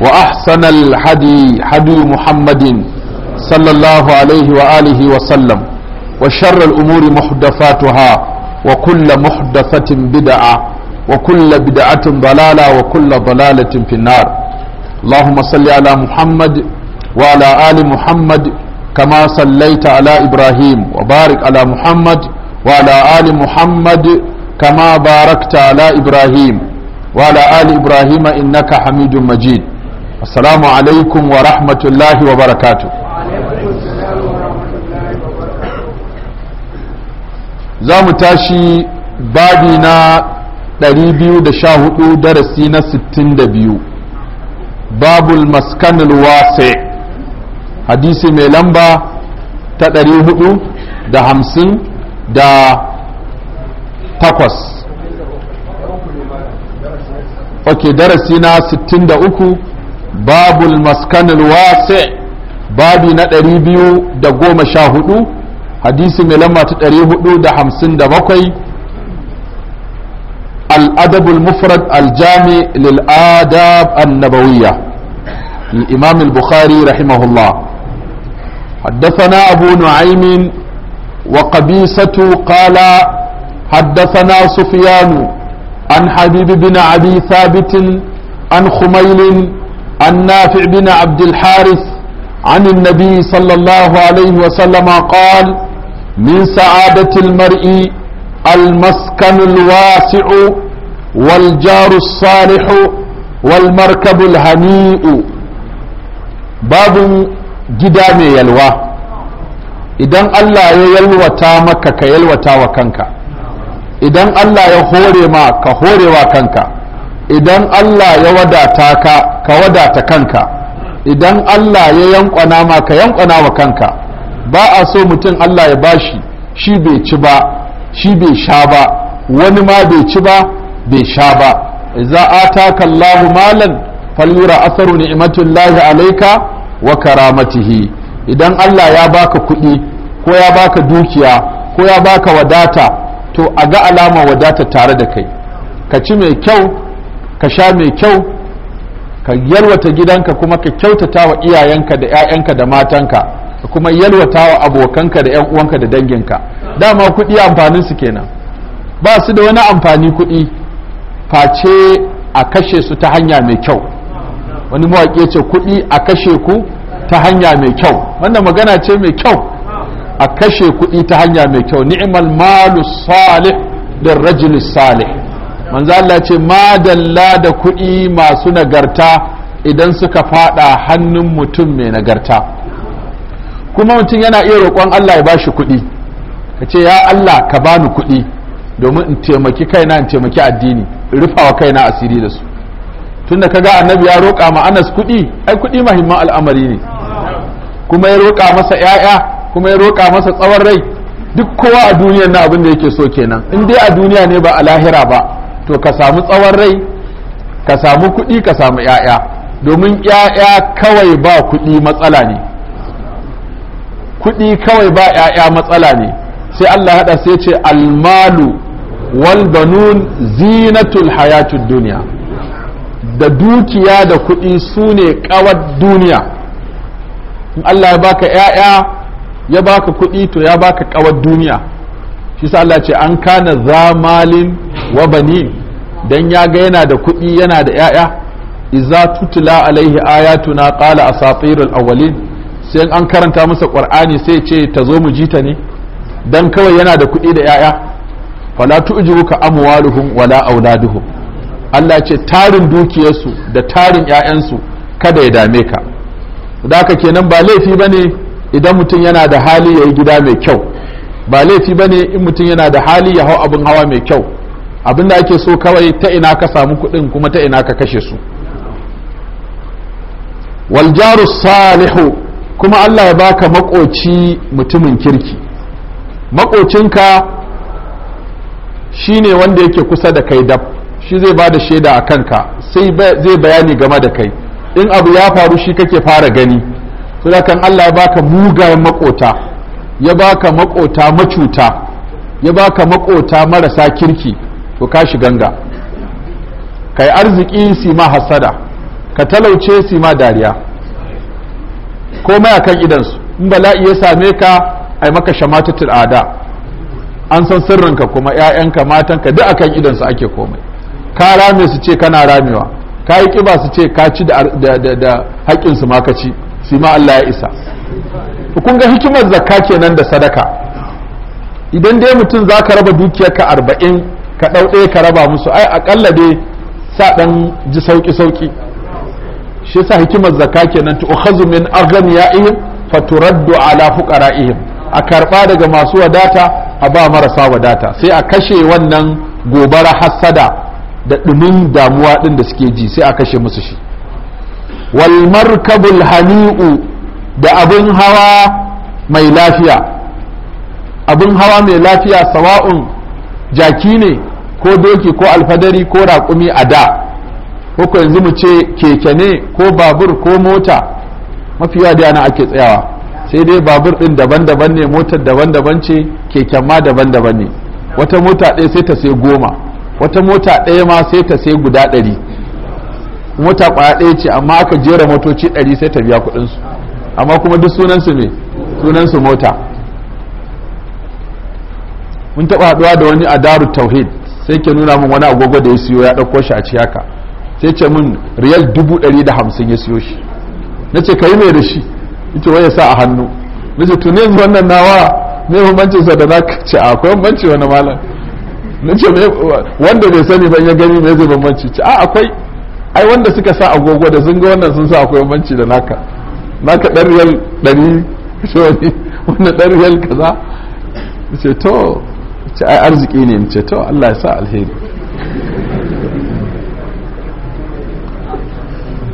وأحسن الحدي حدي محمد صلى الله عليه وآله وسلم وشر الأمور محدثاتها وكل محدثة بدعة وكل بدعة ضلالة وكل ضلالة في النار اللهم صل على محمد وعلى آل محمد كما صليت على إبراهيم وبارك على محمد وعلى آل محمد كما باركت على إبراهيم وعلى آل إبراهيم إنك حميد مجيد assalamu alaikum wa rahmatullahi wa barakatu za mu tashi babi na hudu darasi na biyu babul maskanul wasi hadisi mai lamba ta hudu da hamsin da takwas ok darasi na uku. باب المسكن الواسع babi na بيو دا قوم شاهدو sha ملما hadisi mai دا حمسن دا بقي الأدب المفرد الجامع للآداب النبوية الإمام البخاري رحمه الله حدثنا أبو نعيم وقبيسة قال حدثنا سفيان عن حبيب بن عبي ثابت عن خميل عن نافع بن عبد الحارث عن النبي صلى الله عليه وسلم قال من سعادة المرء المسكن الواسع والجار الصالح والمركب الهنيء باب gida mai yalwa idan Allah ya yalwata maka ka yalwata wa kanka idan Allah ya hore ma ka horewa kanka idan Allah ya wadata ka ka wadata kanka idan Allah ya yankwana ma ka yankwana wa kanka ba a so mutum Allah ya bashi shi bai ci ba shi bai sha ba wani ma bai ci ba bai sha ba a ataka Allahu malan falyura atharu ni'matullahi alaika. wa karamatihi idan Allah ya baka kuɗi ko ya baka dukiya ko ya baka wadata to a ga alama wadata tare da kai ka ci mai kyau ka sha mai kyau ka yalwata gidanka kuma ka kyautata wa iyayenka da 'ya'yanka da matanka ka kuma yalwata wa abokanka da 'yan uwanka da danginka dama kuɗi amfanin su kenan ba su da wani amfani kuɗi face a kashe su ta hanya mai kyau wani mawaƙi ce kuɗi a kashe ku ta hanya mai kyau wannan magana ce mai kyau a kashe kuɗi ta hanya mai kyau Ni'imal malu salih da Rajulis salih manzo Allah ce madalla da kuɗi masu nagarta idan suka fada hannun mutum mai nagarta kuma mutum yana iya roƙon Allah ya bashi kuɗi ka ce ya Allah ka bani kuɗi domin in taimaki kaina in taimaki addini in rufawa kaina asiri da su tunda kaga annabi ya roƙa ma Anas kuɗi ai kuɗi mahimman al'amari ne kuma ya roƙa masa ‘ya'ya kuma ya roƙa masa tsawon rai duk kowa a duniyar na abin da yake so kenan in dai a duniya ne ba a lahira ba to ka samu tsawon rai ka samu kuɗi ka samu 'ya'ya domin 'ya'ya kawai ba kuɗi matsala ne kuɗi kawai ba 'ya'ya matsala ne sai Allah haɗa sai ce almalu wal banun zinatul hayatud duniya da dukiya da kuɗi su ne ƙawar duniya in Allah ya baka 'ya'ya ya baka kuɗi to ya baka ƙawar duniya shi sa Allah ce an kana zamalin wa bani dan ya ga yana da kuɗi yana da 'ya'ya iza tutula alaihi ayatuna qala asatirul awwalin sai an karanta masa qur'ani sai ce ta zo mu jita ne dan kawai yana da kuɗi da 'ya'ya fala tu'jibuka amwaluhum wala auladuhum Allah ce tarin dukiyarsu da tarin 'ya'yansu kada ya dame ka da haka kenan ba laifi bane idan mutum yana da hali ya yi gida mai kyau ba laifi bane in mutum yana da hali ya hau abin hawa mai kyau abin da ake so kawai ta ina ka samu kuɗin kuma ta ina ka kashe su waljaru salihu kuma Allah ya baka makoci mutumin kirki makocinka shine wanda yake kusa da kai dab shi zai ba da shaida a kanka sai zai bayani game da kai in abu ya faru shi kake fara gani kan Allah ya baka mugayen makota ya baka makota macuta ya baka makota marasa kirki to ka shi ganga kai arziki si ma hasada ka talauce si ma dariya komai akan idansu in bala'i ya same ka ai maka shamatatul ada an san sirrinka kuma yayanka matanka duk akan idansu ake komai ka rame su ce kana ramewa ka yi kiba su ce ka ci da haƙƙinsu ma ka ci su ma Allah ya isa kun ga hikimar zakka kenan da sadaka idan dai mutum za ka raba dukiyarka arba'in ka ɗau ɗaya ka raba musu ai aƙalla dai sa ɗan ji sauƙi sauƙi shi sa hikimar zakka kenan ukhazu min aghniyaihim faturaddu ala fuqara'ihim a karba daga masu wadata a ba marasa wadata sai a kashe wannan gobara hassada da dumin damuwa din da suke ji sai a kashe musu shi wal markabul hani'u da abin hawa mai lafiya abin hawa mai lafiya sawa'un jaki ne ko doki ko alfadari ko raƙumi a da ko yanzu mu ce keke ne ko babur ko mota mafi da yana ake tsayawa sai dai babur ɗin daban-daban ne motar daban-daban ce keken ma daban-daban ne wata mota ɗaya sai ta sai goma wata mota ɗaya ma sai ta sai guda ɗari mota ƙwaya ɗaya ce amma aka jera motoci ɗari sai ta biya kuɗinsu amma kuma duk sunansu ne sunansu mota mun taɓa haɗuwa da wani a daru tauhid sai ke nuna min wani agogo da ya siyo ya ɗauko shi a ciyaka sai ce min riyal dubu ɗari da hamsin ya siyo shi na ce ka yi mai da shi ita waya sa a hannu na ce tuni yanzu wannan nawa me bambancin sa da za ce a akwai bambanci wani malam na ce wanda bai sani ban ya gani mai zai bambanci ce a akwai ai wanda suka sa agogo da sun ga wannan sun sa akwai bambanci da naka naka ɗan riyal ɗari shoni wannan ɗan riyal kaza ce to ta ai arziki ne in ce to Allah ya sa alheri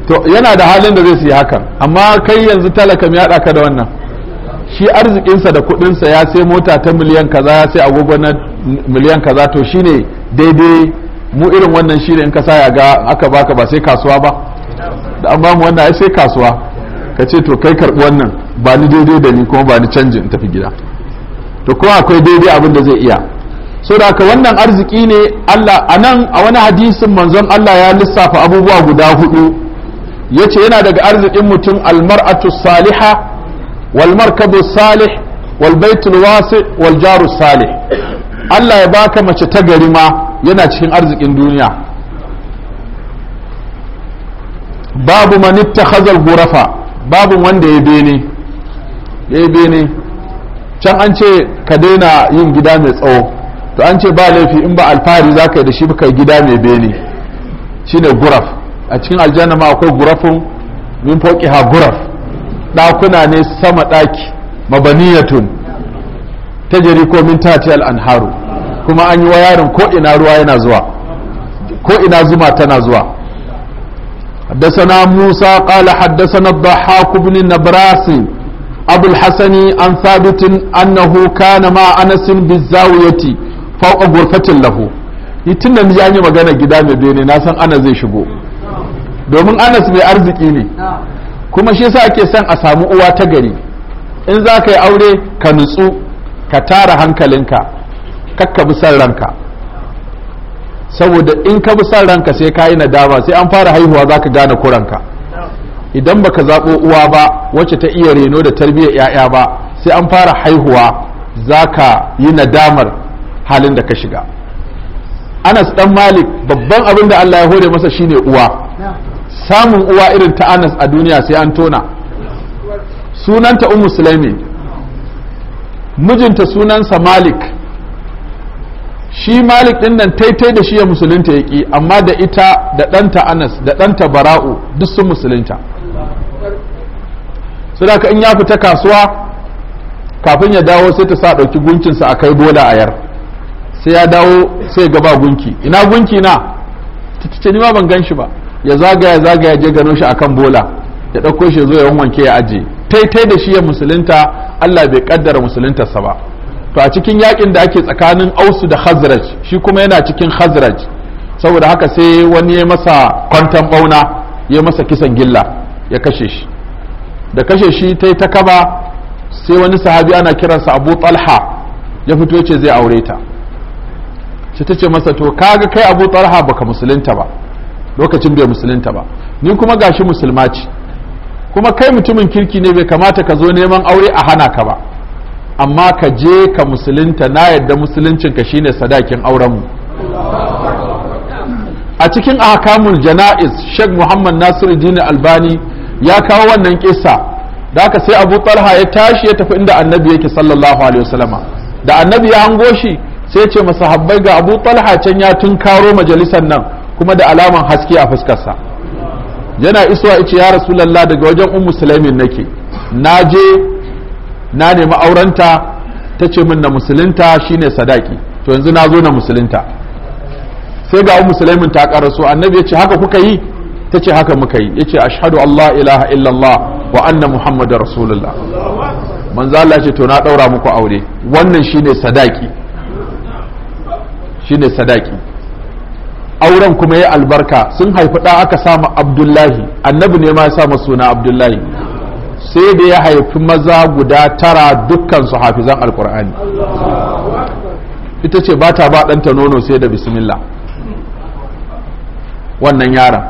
to yana da halin da zai yi hakan amma kai yanzu talakam ya ka da wannan shi arzikinsa da kudinsa ya sai mota ta miliyan kaza ya sai agogo na miliyan kaza to shine daidai mu irin wannan shine in ka sa ya ga aka baka ba sai kasuwa ba da an bamu wannan ai sai kasuwa ka ce to kai karbi wannan ba ni daidai da ni kuma ba ni canjin tafi gida to ko akwai daidai abin da zai iya saboda wannan arziki ne Allah a nan a wani hadisin manzon Allah ya lissafa abubuwa guda hudu yace yana daga arzikin mutum almar'atu saliha wal markabu salih wal baitul wasi wal jaru salih Allah ya baka mace ta gari ma yana cikin arzikin duniya babu man ittakhadha al-ghurafa babu wanda ya bene ya bene can an ce ka daina yin gida mai tsawo to an ce ba laifi in ba alfahari za ka yi da shi kai gida mai bene shine guraf a cikin aljanna ma akwai gurafin min ha guraf ɗakuna ne sama ɗaki mabaniyatun ta jari ko min tati al'anharu kuma an yi wayarin ko ina ruwa yana zuwa ko ina zuma tana zuwa حدثنا موسى قال حدثنا الضحاك بن نبراس أبو الحسن عن ثابت أنه كان مع أنس بالزاوية fauka gurfatin lahu yi tun da ya yi magana gida mai bene na san ana zai shigo domin anas mai arziki ne kuma shi sa ake son a samu uwa ta gari in za ka yi aure ka nutsu ka tara hankalinka kakka bi san ranka saboda in ka ranka sai ka yi nadama sai an fara haihuwa za ka gane kuranka idan baka zaɓo uwa ba wacce ta iya reno da tarbiyyar 'ya'ya ba sai an fara haihuwa za ka yi nadamar halin da ka shiga anas dan malik babban abin da allah ya hore masa shine uwa samun uwa irin ta anas a duniya sai an tona sunanta ummu sulaimi mijinta sunansa malik shi malik din nan taitai da shi ya musulunta ya ki amma da ita da ɗanta anas da ɗanta bara'u duk sun musulunta saboda in ya fita kasuwa kafin ya dawo sai ta sa ɗauki guncinsa a kai bola a yar sai ya dawo sai ga ba gunki ina gunki na ce ni ma ban gan shi ba ya zagaya zagaya je gano shi akan bola ya dauko shi zo ya wanke ya aje taitai da shi ya musulunta Allah bai kaddara musuluntarsa ba to a cikin yakin da ake tsakanin ausu da khazraj shi kuma yana cikin khazraj saboda haka sai wani ya masa kwantan bauna ya masa kisan gilla ya kashe shi da kashe shi ta ta kaba sai wani sahabi ana kiransa abu talha ya fito ce zai aure ta sai ta ce masa to kaga kai abu talha baka musulunta ba lokacin bai musulunta ba ni kuma gashi musulma ce kuma kai mutumin kirki ne bai kamata ka zo neman aure a hana ka ba amma ka je ka musulunta na yadda musuluncin ka shine sadakin auren mu. a cikin ahkamul jana'iz Sheikh Muhammad Nasiruddin Albani ya kawo wannan kissa da aka sai Abu Talha ya tashi ya tafi inda Annabi yake sallallahu alaihi wasallama da Annabi ya hango shi sai ce masahabbai ga abu talha can ya karo majalisar nan kuma da alaman haske a fuskarsa yana isuwa ice ya rasulallah daga wajen ummu sulaimin nake na je na nemi aurenta ta ce min na musulunta shine sadaki to yanzu na zo na musulunta sai ga ummu sulaimin ta karaso annabi ya ce haka kuka yi ta ce haka muka yi ya ce ashadu allah ilaha illallah wa anna muhammadar rasulullah manzo Allah ce to na ɗaura muku aure wannan shine sadaki shine sadaki auren kuma ya albarka sun haifi ɗa aka sama abdullahi annabi ne ma ya sama suna abdullahi sai da ya haifi maza guda tara dukkan su hafizan alkur'ani ita ce ba ta ba ɗanta nono sai da bismillah wannan yaron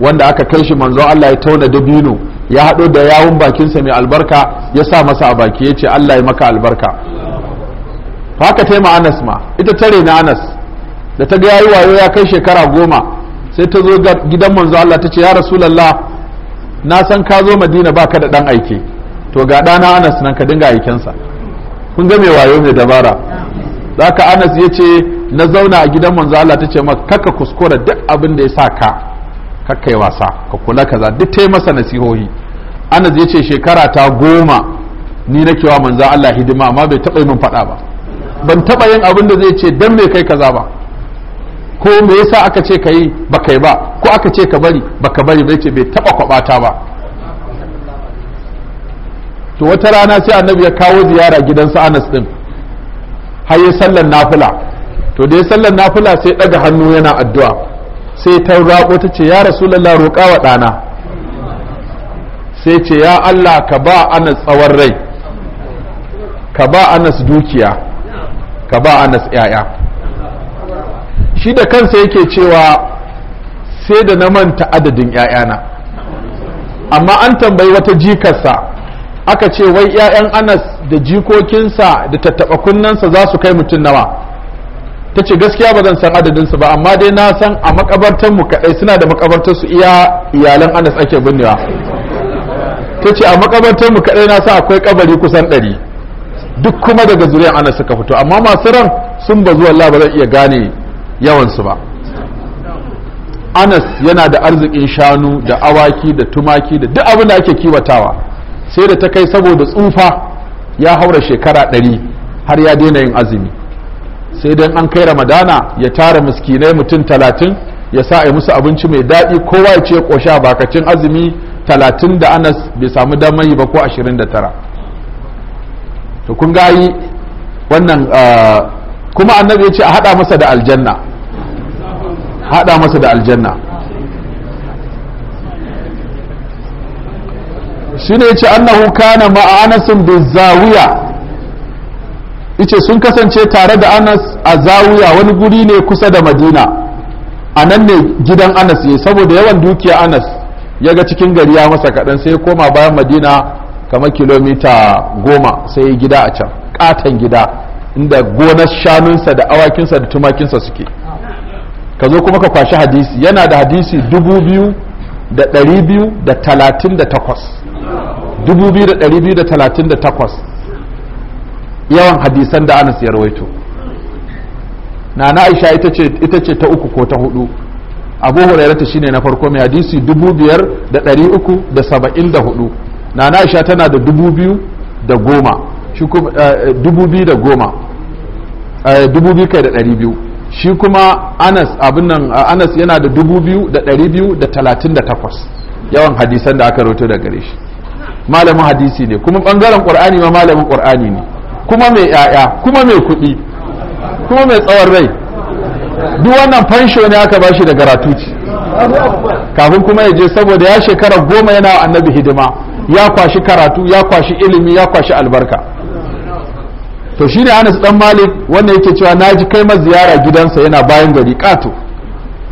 wanda aka kai shi manzo Allah ya tauna dabino ya haɗo da yawun bakinsa mai albarka ya sa masa a baki ya ce Allah ya maka albarka to haka taima anas ma ita tare na anas da ta ga yayi wayo ya kai shekara goma sai ta zo gidan manzo Allah ta ce ya rasulullah na san ka zo madina baka da dan aike to ga na anas nan ka dinga aikensa kun ga mai wayo mai dabara zaka anas ya ce na zauna a gidan manzo Allah ta ce kaka kuskura duk abin da ya sa ka kaka yi wasa ka kula kaza duk ta masa nasihohi anas ya ce shekara ta goma ni nake wa manzo Allah hidima amma bai taba yi min faɗa ba ban taba yin abin da zai ce dan me kai kaza ba ko me yasa aka ce kai ba kai ba ko aka ce ka bari ba ka bari bai ce bai taba kwabata ba to wata rana sai annabi ya kawo ziyara gidansa Anas din har ya sallan nafila to da ya sallan nafila sai daga hannu yana addu'a sai ta rako ta ce ya rasulullahi roƙa wa ɗana sai ce ya Allah ka ba Anas tsawon rai ka ba Anas dukiya ka ba anas yaya shi da kansa yake cewa sai da na manta adadin ‘ya'yana amma an tambayi wata jikarsa aka ce wai ‘ya'yan anas da jikokinsa da tattaɓa kunnensa za su kai mutum nawa ta ce gaskiya ba zan san adadinsu ba amma dai na san a makabartanmu kaɗai suna da su iya iyalan anas ake binnewa ta ce a makabartanmu kaɗai na san akwai kabari kusan ɗari duk kuma daga zuriyar ana suka fito amma masu ran sun zuwa zuwa ba zan iya gane yawansu ba anas yana da arzikin shanu da awaki da tumaki da duk abin da ake kiwatawa sai da ta kai saboda tsufa ya haura shekara ɗari har ya daina yin azumi sai dan an kai ramadana ya tara miskinai mutum talatin ya sa a musu abinci mai daɗi kowa ya ce ƙosha bakacin azumi talatin da anas bai samu damar yi ba ko ashirin da tara to kun ga wannan ah, kuma annabi ya ce a hada masa da aljanna hada masa da aljanna ya ce annahu kana ma'a da Zawiya sun kasance tare da Anas a Zawiya wani guri ne kusa da Madina a nan ne gidan Anas ne saboda yawan dukiya Anas ya ga cikin gari ya masa kaɗan sai ya koma bayan Madina kamar kilomita goma sai gida a can katon gida inda gonar shanunsa da awakinsa da tumakinsa suke ka zo kuma ka kwashi hadisi yana da hadisi dubu biyu da ɗari biyu da talatin da takwas dubu biyu da ɗari biyu da talatin da takwas yawan hadisan da anas ya rawaito na na aisha ita ce ta uku ko ta hudu abu shi shine na farko mai hadisi dubu biyar da ɗari uku da saba'in da hudu na aisha tana da dubu biyu da goma shi kuma eh, eh, dubu biyu da goma eh, dubu biyu kai da ɗari biyu shi kuma anas abin nan anas yana da dubu biyu da ɗari biyu da talatin da takwas yawan hadisan da aka roto da gare shi malamin hadisi ne kuma ɓangaren ƙwar'ani ma malamin ƙwar'ani ne kuma mai yaya kuma mai kuɗi kuma mai tsawon rai duk wannan fansho ne aka ba shi da garatuci kafin kuma ya je saboda ya shekara goma yana annabi hidima ya kwashi karatu ya kwashi ilimi ya kwashi albarka to shi shine Anas dan Malik wanda yake cewa naji kai ma ziyara gidansa yana bayan gari kato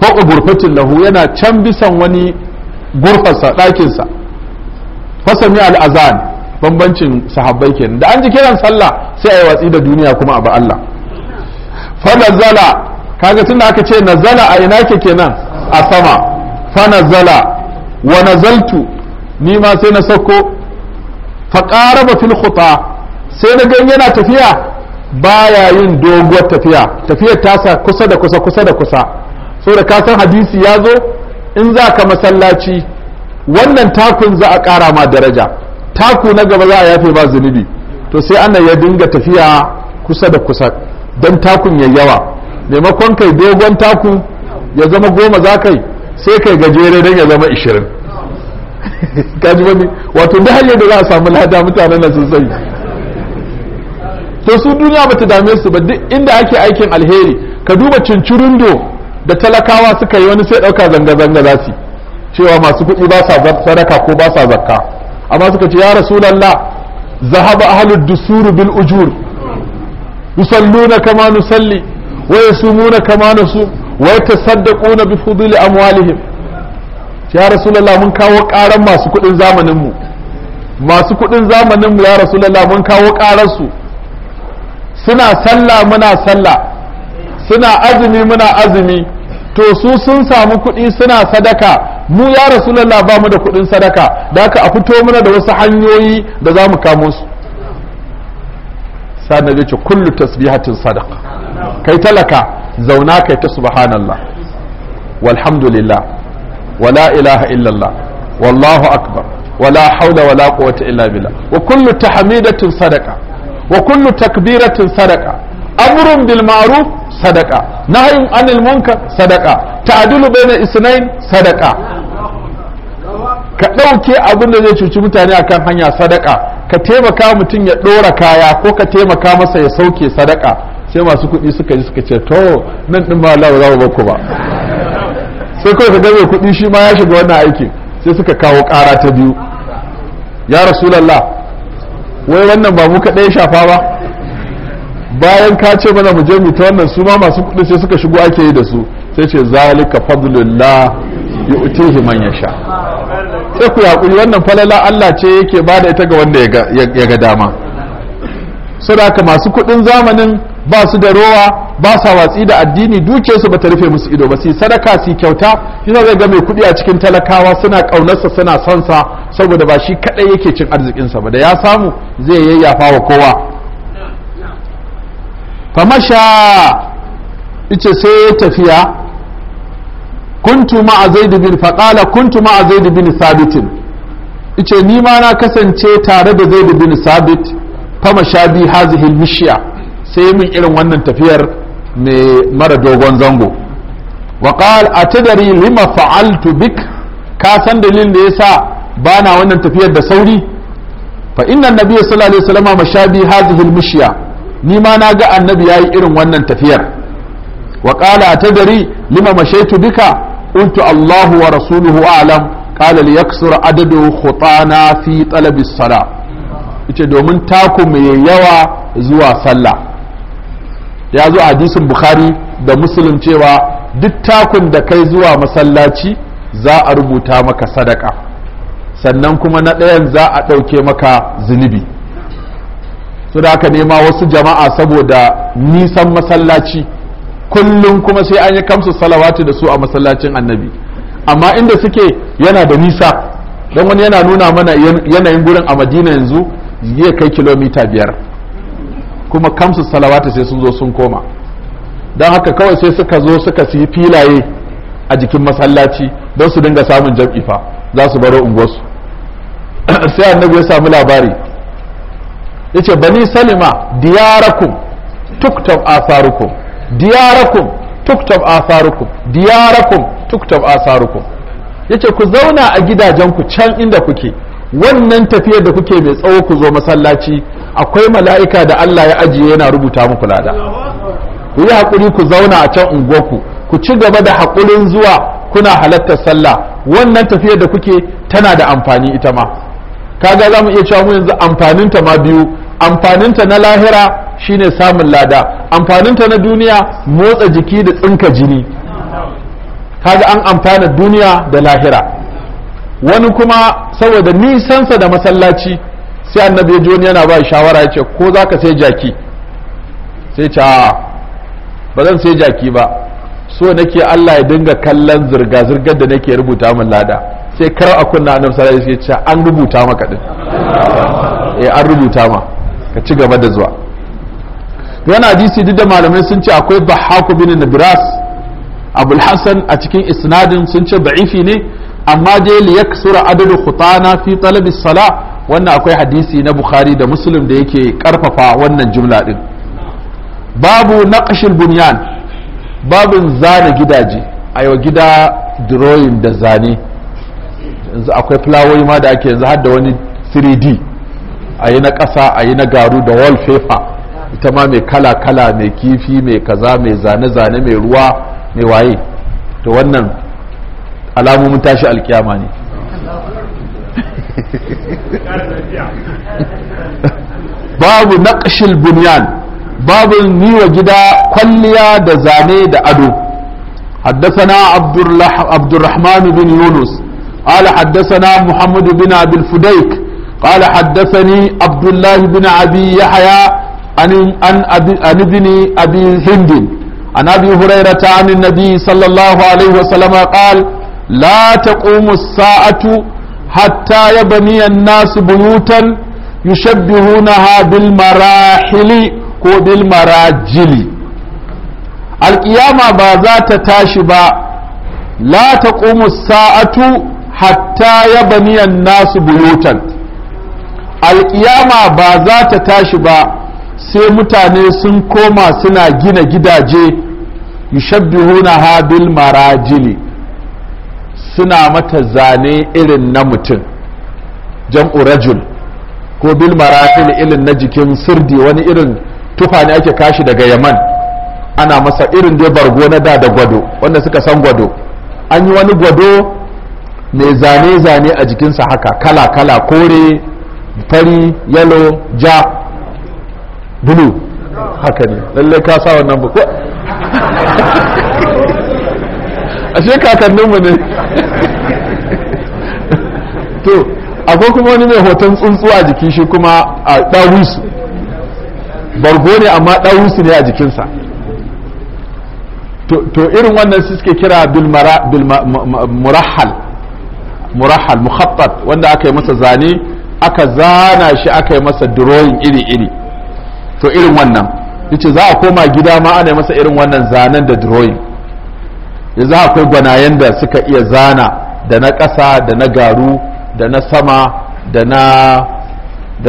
fawqa gurfatin lahu yana can bisan wani gurfarsa ɗakinsa fasami al'azan bambancin sahabbai kenan da an ji kiran sallah sai a yi watsi da duniya kuma abu Allah fa nazala kaga tunda aka ce nazala a ina ke kenan a sama fa nazala wa nazaltu ni ma sai na sauko faƙaraba fil khuta sai na gan yana tafiya baya yin doguwar tafiya tafiyar tasa kusa da kusa kusa da kusa So da ka san hadisi ya zo in za ka masallaci wannan takun za a ƙara ma daraja taku na gaba za a yafe ba zunubi to sai ana ya dinga tafiya kusa da kusa don takun ya yawa maimakon kai dogon taku ya zama goma za kai sai kai gajere don ya zama ishirin kaji wani wato da hanyar da za a samu lada mutanen na sun to su duniya bata dame su ba duk inda ake aikin alheri ka duba cincirindo da talakawa suka yi wani sai ɗauka zanga-zanga za su cewa masu kuɗi ba sa sadaka ko ba sa zakka amma suka ce ya rasulallah zahaba ahlud dusur bil ujur yusalluna kama nusalli wa yasumuna kama nasum wa yatasaddaquna bi fudli amwalihim ya rasulullah mun kawo karan masu kuɗin zamanin mu masu kudin zamanin mu ya rasulullah mun kawo karan su suna sallah muna sallah suna azumi muna azumi to su sun samu kuɗi suna sadaka mu ya rasulullah ba mu da kuɗin sadaka da haka a fito mana da wasu hanyoyi da za mu kamo su sannan ya ce kullu tasbihatin sadaka kai talaka zauna kai ta subhanallah walhamdulillah wala ilaha illallah wallahu akbar wala haula wala quwwata illa billah wa kullu tahmidatin sadaqa wa kullu takbiratin sadaqa amrun bil ma'ruf sadaqa nahyun anil munkar sadaqa ta'dilu baina isnayn sadaqa ka ɗauke abin da zai cuci mutane akan hanya sadaka ka taimaka mutum ya ɗora kaya ko ka taimaka masa ya sauke sadaka sai masu kuɗi suka yi suka ce to nan ɗin ba Allah ba za ba sai kawai ka ga mai kuɗi shi ma ya shiga wannan aikin sai suka kawo kara ta biyu ya rasulallah wai wannan ba mu kaɗai shafa ba bayan ka ce mana mu je mu ta wannan su ma masu kuɗi sai suka shigo ake yi da su sai ce zalika fadlullah yu'tihi man yasha sai ku yakuri wannan falala Allah ce yake bada ita ga wanda ya ga dama saboda masu kuɗin zamanin ba su da rowa ba sa watsi da addini dukiyarsu ba ta rufe musu ido ba su sadaka su kyauta shi zai ga mai kuɗi a cikin talakawa suna ƙaunarsa suna son saboda ba shi kaɗai yake cin arzikinsa ba da ya samu zai yayyafa wa kowa famasha ita sai ya tafiya kuntu ma a zai bin faƙala kuntu ma a zai bin sabitin ice ni ma na kasance tare da zai bin sabit famasha bi hazihil mishiya sai min irin wannan tafiyar mai mara dogon zango wa qal atadari lima fa'altu bik ka san dalilin da yasa bana wannan tafiyar da sauri fa inna annabi sallallahu alaihi wasallam mashabi hadhihi almushya ni ma na ga annabi yayi irin wannan tafiyar wa qala atadari lima mashaitu bika qultu allahu wa rasuluhu a'lam qala liyaksura adadu khutana fi talabi as-salah domin taku mai yawa zuwa sallah ya zo a hadisin bukhari da muslim cewa duk takun da kai zuwa masallaci za a rubuta maka sadaka sannan kuma na ɗayan za a ɗauke maka zunubi su da aka nema wasu jama'a saboda nisan masallaci kullum kuma sai an yi kamsu salawatu da su a masallacin annabi amma inda suke yana da nisa don wani yana nuna mana yanayin gurin a madina yanzu zai kai kilomita biyar kuma kamsu salawata sai sun zo sun koma don haka kawai sai suka zo suka siyi filaye a jikin masallaci don su dinga samun jam'i fa za su baro unguwarsu sai annabi ya samu labari Ya yace bani salima diyarakum tuktab atharukum diyarakum tuktab atharukum diyarakum tuktab ya yace ku zauna a gidajenku can inda kuke wannan tafiyar da kuke mai tsawo ku zo masallaci akwai mala'ika da Allah ya ajiye yana rubuta muku lada ku yi haƙuri ku zauna a can unguwarku ku ci gaba da haƙurin zuwa kuna halartar sallah wannan tafiyar da kuke tana da amfani ita ma kaga za mu iya cewa mu yanzu amfaninta ma biyu amfaninta na lahira shine samun lada amfaninta na duniya motsa jiki da tsinka jini kaga an amfana duniya da lahira wani kuma saboda nisansa da masallaci sai annabi ya ji wani yana ba shawara ya ce ko za ka sai jaki sai ce a ba zan sai jaki ba so nake Allah ya dinga kallon zirga-zirgar da nake rubuta min lada sai kar a kunna annabi sallallahu sai ce an rubuta maka din eh an rubuta ma ka ci gaba da zuwa yana hadisi duk da malamai sun ce akwai bahaku bin nabras abul hasan a cikin isnadin sun ce da'ifi ne amma dai li yaksura adadu khutana fi talabi sala wannan akwai hadisi na bukhari da muslim da yake karfafa wannan jumla din babu na ƙashin bunyan babin zane gidaje yau gida drawing da zane yanzu akwai fulawoyi ma da ake yanzu har da wani 3d yi na ƙasa yi na garu da wallpaper ita ma mai kala kala mai kifi mai kaza mai zane zane mai ruwa mai waye to wannan alamomin tashi alkiyama ne babu naqshil bunyan babu yi wa gida kwalliya da zane da ado حدثنا عبد الرحمن بن يونس قال حدثنا محمد بن أبي الفديك قال حدثني عبد الله بن أبي يحيى عن عن عن ابن أبي هند عن أبي هريرة عن النبي صلى الله عليه وسلم قال لا تقوم الساعة hatta ya baniyan nasu buyutan yushabbihunaha bil marahili ko bil marajili alƙiyama ba za ta tashi ba la taqumu sa'atu hatta ya baniyan nasu buyutan alƙiyama ba za ta tashi ba sai mutane sun koma suna gina gidaje yushabbihuna ha bil marajili suna mata zane irin na mutum jam'u rajul ko bil maratil ilin na jikin sirdi wani irin tufa ne ake kashi daga yaman ana masa irin dai bargo na da da gwado wanda suka san gwado an yi wani gwado mai zane-zane a jikinsa haka kala-kala kore fari yalo ja bulu haka ne lallai ka wannan ashe kakanninmu ne to akwai kuma wani mai hoton tsuntsu a jikin shi kuma a ɗawusu bargo ne amma ɗawusu ne a jikinsa to irin wannan su suke kira murahal murahal muhabbat wanda aka yi masa zane aka zana shi aka yi masa drawing iri-iri to irin wannan ita za a koma gida ma ana masa irin wannan zanen da drawing yanzu akwai gwanayen da suka iya zana da na ƙasa da na garu da na sama da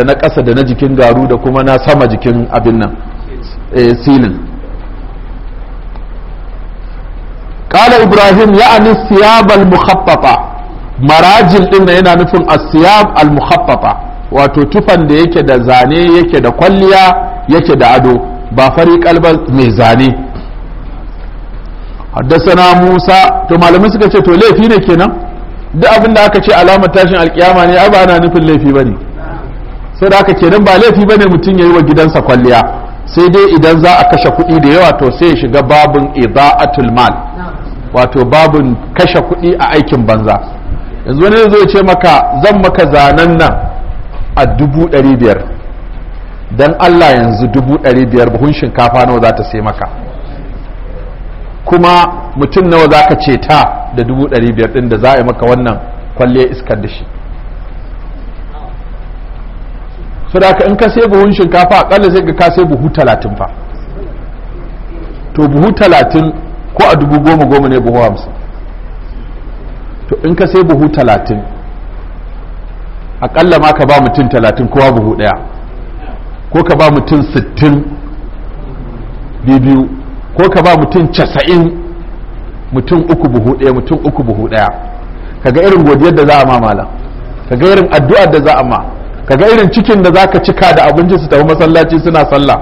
na ƙasa da na jikin garu da kuma na sama jikin abin nan eh, silin ƙala ibrahim ya ani siyab al-mukhaffafa marajin ɗin na yana nufin siyab al-mukhaffafa wato tufan da yake da zane yake da kwalliya yake da ado ba fari kalbar mai zane haddasana Musa to malamai suka ce to laifi ne kenan duk abin da aka ce alamar tashin alkiyama ne ai ba ana nufin laifi bane sai da aka kenan ba laifi bane mutum ya yi wa gidansa kwalliya sai dai idan za a kashe kuɗi da yawa to sai ya shiga babin idaatul mal wato babin kashe kuɗi a aikin banza yanzu wani zai ce maka zan maka zanen nan a dubu ɗari biyar don Allah yanzu dubu ɗari biyar buhun shinkafa nawa za ta sai maka kuma mutum nawa za ka ta da dubu ɗari biyar ɗin da za a yi maka wannan kwalliyar iskar da shi su da in ka sai buhun shinkafa aƙalla sai ka sai buhu talatin fa to buhu talatin ko a dubu goma goma ne buhu hamsin to in ka sai buhu talatin aƙalla ma ka ba mutum talatin kowa buhu ɗaya ko ka ba mutum sittin biyu ko ka ba mutum casa'in mutum uku buhu ɗaya mutum uku buhu ɗaya ka ga irin godiyar da za a ma malam ga irin addu'ar da za a ma ka ga irin cikin da za ka cika da abinci su tafi masallaci suna sallah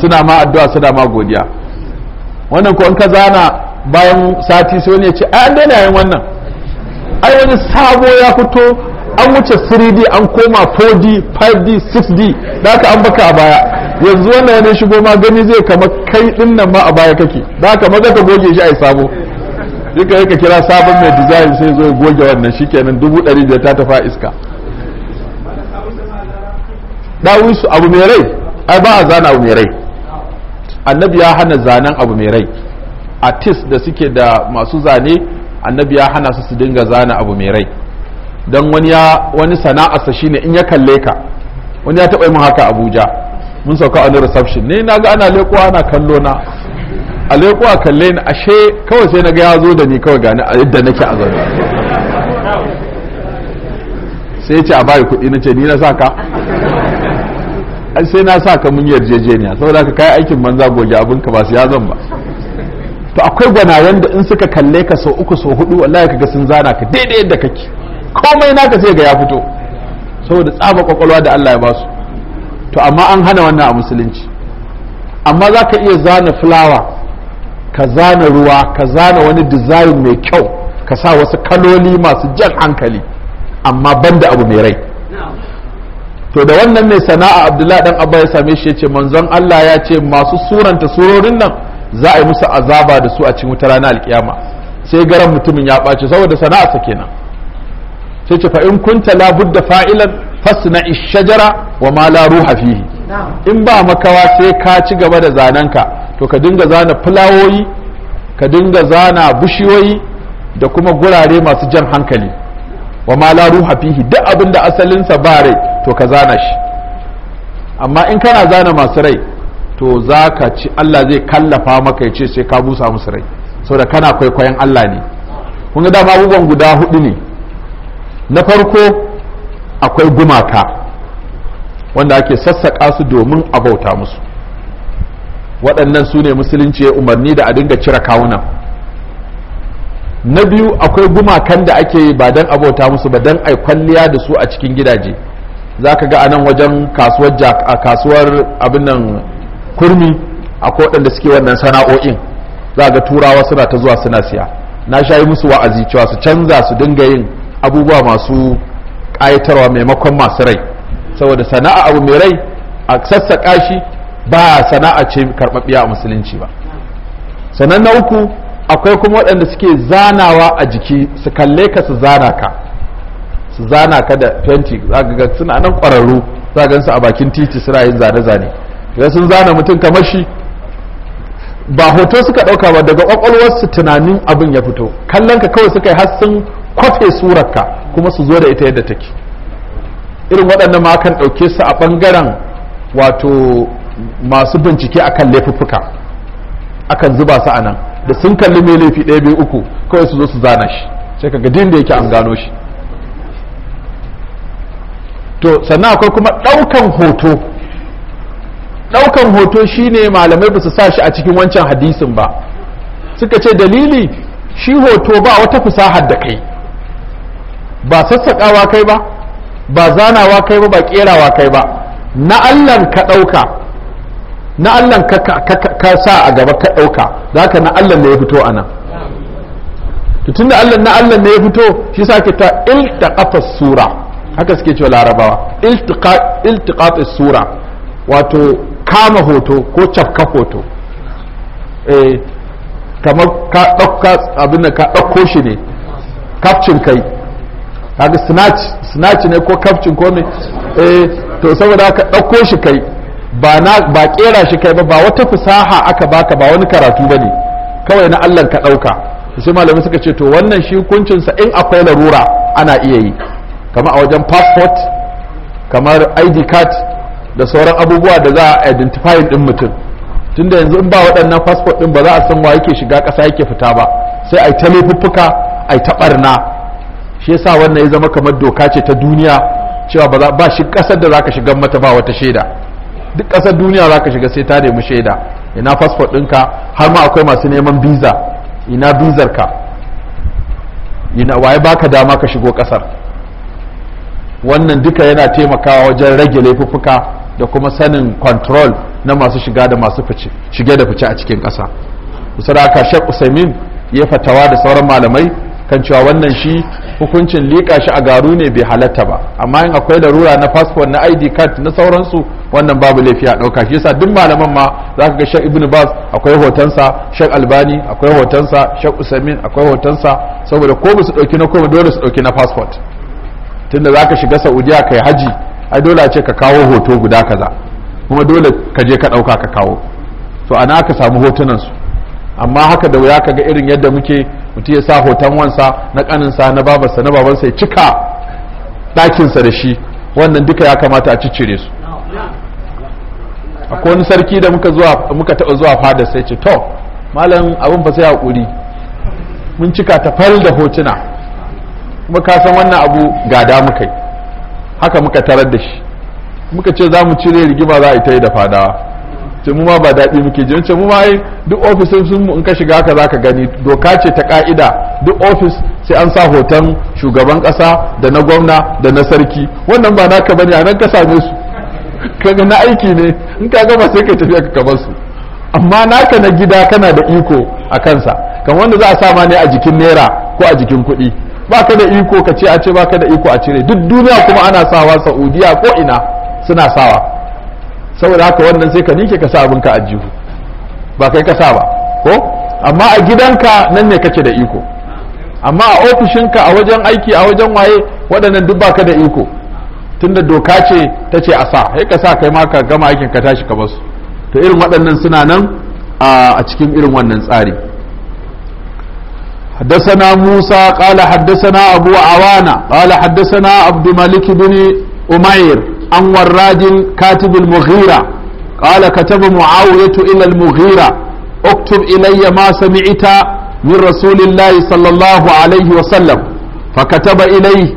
suna ma addu'a suna ma godiya wannan ko in ka zana bayan sati sai wani ya ce an daina yin wannan ai wani sabo ya fito an wuce 3D an koma 4D 5D 6D da an baka a baya yanzu wannan ya ne shigo ma gani zai kama kai din ma a baya kake da ka maza ka goge shi a sabo duka ka kira sabon mai design sai zo goge wannan shikenan dubu ɗari biyar ta tafa iska dawun su abu mai rai ai ba a zana abu mai rai annabi ya hana zanen abu mai rai artist da suke da masu zane annabi ya hana su su dinga zana abu mai rai don wani ya wani sana'arsa shine in ya kalle ka wani ya taɓa yi haka abuja mun sauka a reception ne na ga ana lekuwa ana kallo na a lekuwa kalle ni ashe kawai sai na ga ya zo da ni kawai gani a yadda nake a zaune sai ce a bayi kuɗi na ce ni na sa ka sai na sa ka mun yarjejeniya saboda ka kai aikin manza goge abin ka ba su ya zan ba to akwai gwanayen da in suka kalle ka sau uku sau hudu wallahi kaga sun zana ka daidai yadda kake komai naka sai ga ya fito saboda tsaba kwakwalwa da Allah ya basu to amma an hana wannan a musulunci amma za ka iya zana fulawa ka zana ruwa ka zana wani dizayin mai kyau ka sa wasu kaloli masu jan hankali amma banda abu mai rai to da wannan mai sana'a abdullahi dan abba ya same shi ya ce manzon allah ya ce masu suranta surorin nan za a yi musu azaba da su a cikin wuta ranar alkiyama sai garan mutumin ya ɓace saboda sana'a sa kenan sai ce fa in kunta labudda fa'ilan fasna shajara wa ma la ruha fihi in ba makawa sai ka ci gaba da zanenka to ka dinga zana fulawoyi ka dinga zana bushiyoyi da kuma gurare masu jan hankali wa ma la ruha fihi duk abin da asalinsa ba rai to ka zana shi amma in kana zana masu rai to za ka ci Allah zai kallafa maka ya ce sai ka busa musu rai saboda kana kwaikwayon Allah ne kun ga dama abubuwan guda hudu ne na farko akwai gumaka wanda ake sassaƙa su domin a bauta musu waɗannan su ne musulunci ya umarni da a dinga cire kawuna na biyu akwai gumakan da ake yi ba don a bauta musu ba don ai kwalliya da su a cikin gidaje za ka ga a nan wajen kasuwar a kasuwar abin nan kurmi akwai waɗanda suke wannan sana'o'in za ga turawa suna ta zuwa suna siya na sha yi musu wa'azi cewa su canza su dinga yin abubuwa masu ƙayatarwa maimakon masu rai saboda sana'a abu mai rai a sassaƙa shi ba sana'a ce karɓaɓɓiya a musulunci ba sannan na uku akwai kuma waɗanda suke zanawa a jiki su kalle ka su zana ka su zana ka da fenti ga suna nan ƙwararru za su a bakin titi suna yin zane-zane idan sun zana mutum kamar shi ba hoto suka ɗauka ba daga ƙwaƙwalwarsu tunanin abin ya fito kallon ka kawai suka yi har sun kwafe surarka kuma su zo da ita yadda take irin waɗannan ma kan ɗauke su a ɓangaren wato masu bincike akan laifuffuka akan zuba su a nan da sun kalli mai laifi ɗaya biyu uku kawai su zo su zana shi sai ka gadin da yake an gano shi to sannan akwai kuma ɗaukan hoto ɗaukan hoto shine malamai ba su sa shi a cikin wancan hadisin ba suka ce dalili shi hoto ba wata fusahar da kai ba sassaƙawa kai ba ba zanawa kai ba ba kerawa kai ba na allan ka ɗauka na allan ka sa a gaba ka ɗauka za ka na allan ne ya fito a nan da allan na allan ne ya fito shi sa ke ta iltaqata sura haka suke cewa larabawa iltiqat sura wato kama hoto ko cafka hoto eh kamar ka ɗauka abin da ka ɗauko shi ne kafcin kai kaga snatch snatch ne ko kafcin ko ne eh to saboda ka ɗauko shi kai ba na ba kera shi kai ba ba wata fasaha aka baka ba wani karatu bane kawai na Allah ka ɗauka sai malamai suka ce to wannan shi hukuncin sa in akwai larura ana iya yi kamar a wajen passport kamar ID card da sauran abubuwa da za a identify din mutum tunda yanzu in ba waɗannan passport din ba za a san wa yake shiga ƙasa yake fita ba sai ai ta lefuffuka ai ta ɓarna shi yasa wannan ya zama kamar doka ce ta duniya cewa ba ba shi kasar da zaka shiga mata ba wata shaida duk kasar duniya zaka shiga sai ta nemi shaida ina passport ɗinka har ma akwai masu neman visa ina bizar ka ina waye baka dama ka shigo kasar wannan duka yana taimakawa wajen rage laifuffuka da kuma sanin control na masu shiga da masu fice shige da fice a cikin ƙasa. Usara ka Sheikh Usaimin ya fatawa da sauran malamai kan cewa wannan shi hukuncin liƙa shi a garu ne bai halatta ba amma in akwai larura na fasfon na id card na sauransu wannan babu laifi a ɗauka shi yasa duk malaman ma za ka ga shek ibn bas akwai hotonsa shek albani akwai hotonsa shek usamin akwai hotonsa saboda ko ba su ɗauki na komai dole su ɗauki na fasfot. tunda za ka shiga saudiya ka yi haji ai dole a ce ka kawo hoto guda kaza kuma dole ka je ka ɗauka ka kawo to ana ka samu hotunansu amma haka da wuya ka ga irin yadda muke mutum ya sa hoton wansa na kaninsa na babarsa na babansa ya cika ɗakinsa da shi wannan duka ya kamata a ciccire su akwai wani sarki da muka zuwa taɓa zuwa fada sai ce to malam abin fa sai hakuri mun cika ta fal da hotuna kuma ka san wannan abu gada muka yi haka muka tarar da shi muka ce za mu cire rigima za a yi yi da fadawa ce mu ma ba daɗi muke ji ce mu ma yi duk ofisin sun in ka shiga haka ka gani doka ce ta ka'ida duk ofis sai an sa hoton shugaban ƙasa da na gwamna da na sarki wannan ba naka bane a nan ka same su kaga na aiki ne in ka gama sai ka tafiya ka kamar su amma naka na gida kana da iko a kansa kan wanda za a ma ne a jikin naira ko a jikin kuɗi ba ka da iko ka ce a ce ba ka da iko a cire duk duniya kuma ana sawa saudiya ko ina suna sawa saboda haka wannan sai ka ninke ka sa abinka a jihu ba kai ka sa ba ko amma a gidanka nan ne kake da iko amma a ofishinka a wajen aiki a wajen waye waɗannan duk baka da iko tunda doka ce ta ce a sa sai ka sa kai ma ka gama aikin ka tashi ka basu to irin waɗannan suna nan a cikin irin wannan tsari حدثنا موسى قال حدثنا أبو عوانة قال حدثنا عبد الملك بن أمير عن وراد كاتب المغيرة قال كتب معاوية إلى المغيرة اكتب إلي ما سمعت من رسول الله صلى الله عليه وسلم فكتب إليه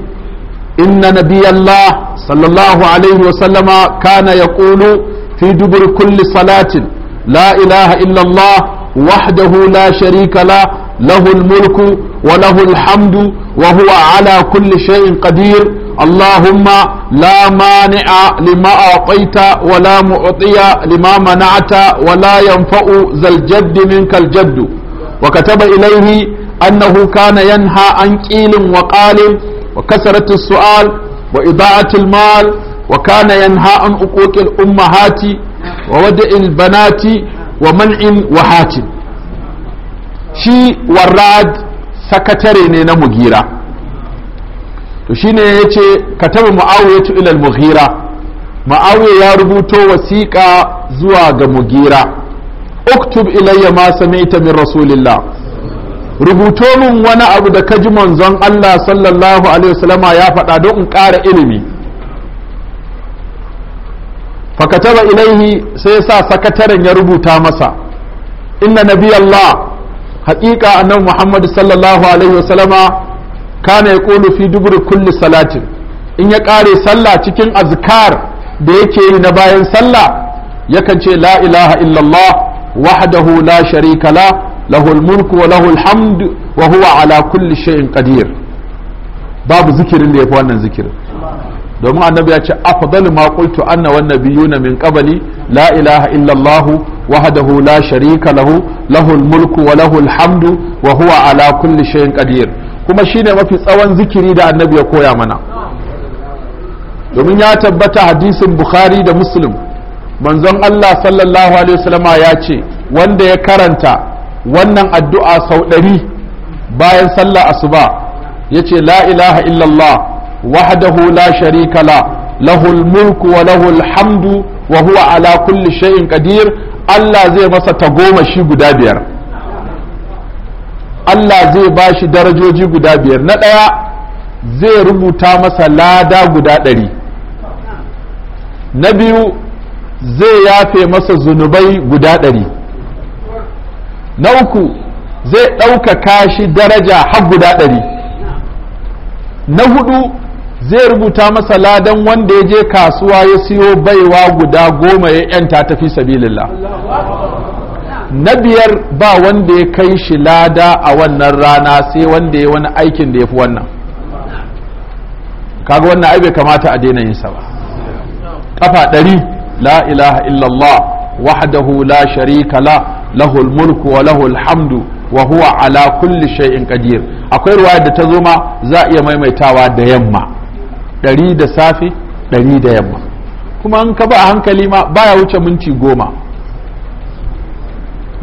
إن نبي الله صلى الله عليه وسلم كان يقول في دبر كل صلاة لا إله إلا الله وحده لا شريك له له الملك وله الحمد وهو على كل شيء قدير اللهم لا مانع لما أعطيت ولا معطي لما منعت ولا ينفع ذا الجد منك الجد وكتب إليه أنه كان ينهى عن قيل وقال وكثرة السؤال وإضاعة المال وكان ينهى عن حقوق الأمهات وودع البنات ومنع وحاتم shi warrad sakatare ne na mugira to shine ya ce katabu ma'awiyatu ilal mugira ma'awiya ya rubuto wasiƙa zuwa ga mugira uktub ilayya ma sami'ta min rasulillah rubuto min wani abu da kaji manzon Allah sallallahu alaihi wasallama ya faɗa don in ƙara ilimi Fa taɓa ilaihi sai sa sakataren ya rubuta masa inna nabiyallah haƙiƙa annabi Muhammadu sallallahu alaihi wasallama kana yaqulu fi dubur kulli salatin in ya ƙare sallah cikin azkar da yake yi na bayan sallah yakan ce la ilaha illallah wahdahu la sharika la lahul mulku wa lahul hamd wa huwa ala kulli shay'in qadir babu zikirin da yafi wannan zikirin domin annabi ya ce afdal ma qultu anna wan nabiyuna min qabli la ilaha illa allah wahdahu la sharika lahu lahul mulku wa lahul hamdu wa huwa ala kulli shay'in qadir kuma shine mafi tsawon zikiri da annabi ya koya mana domin ya tabbata hadisin bukhari da muslim manzon Allah sallallahu alaihi wasallama ya ce wanda ya karanta wannan addu'a sau ɗari bayan sallar asuba ya ce la ilaha illallah wahdahu la sharika la lahul mulku lahul hamdu wa huwa ala kulli shay'in qadir Allah zai masa ta tagomashi guda biyar Allah zai ba shi darajoji guda biyar na ɗaya zai rubuta masa lada guda ɗari na biyu zai yafe masa zunubai guda ɗari na uku zai ɗaukaka shi daraja har guda ɗari na huɗu. zai rubuta masa ladan wanda ya je kasuwa ya siyo baiwa guda goma ya yanta tafi sabilillah na biyar ba wanda ya kai shi lada a wannan rana sai wanda ya wani aikin da ya fi wannan kaga wannan ai bai kamata a daina yinsa ba kafa ɗari la ilaha illallah wahdahu la sharika la lahul mulku wa lahul hamdu wa huwa ala kulli shay'in qadir akwai ruwaya da ta zo ma za a iya maimaitawa da yamma ɗari da safe ɗari da yamma kuma an ka ba a hankali ma baya wuce minti goma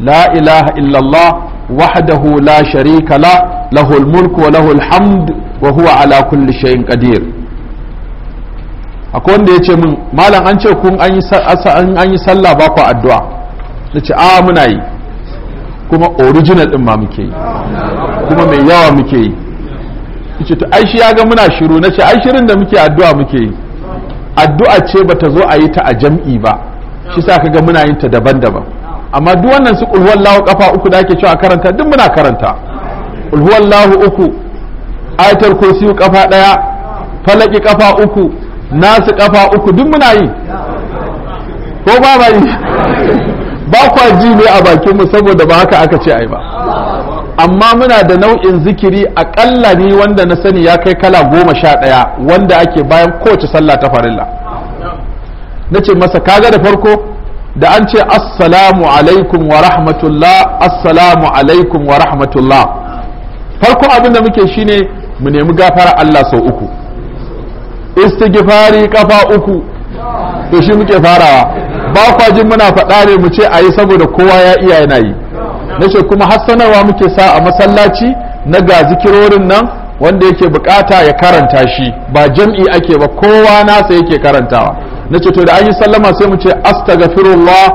la ilaha illallah wahdahu la sharika la lahul mulku wa lahul hamd wa huwa ala kulli shay'in qadir akwai wanda ya ce min malam an ce kun an yi sallah ba ku addu'a na ce a muna yi kuma original din ma muke yi kuma mai yawa muke yi ce to ai shi ya ga muna shiru na ce ai shirin da muke addu'a muke yi addu'a ce ba ta zo a yi ta a jam'i ba shi sa ga muna yin ta daban-daban amma duk wannan su qul huwallahu kafa uku da ake cewa karanta duk muna karanta qul lahu uku ayatul kursi kafa daya falaki kafa uku nasu kafa uku duk muna yi ko ba ba yi ba kwa ji ne a bakinmu saboda ba haka aka ce ai ba amma muna da nau'in zikiri aƙalla ne wanda na sani ya kai kala goma sha ɗaya wanda ake bayan kowace sallah ta farilla na ce masa kaga da farko da an ce assalamu alaikum wa rahmatullah assalamu alaikum wa rahmatullah farko abin da muke shine mu nemi gafara Allah sau uku istighfari kafa uku to shi muke farawa ba kwa jin muna faɗa ne mu ce ayi saboda kowa ya iya yana yi nace kuma hassanarwa muke sa a masallaci na ga zikirorin nan wanda yake bukata ya karanta shi ba jam'i ake ba kowa nasa yake karantawa nace to da an yi sallama sai mu ce astaghfirullah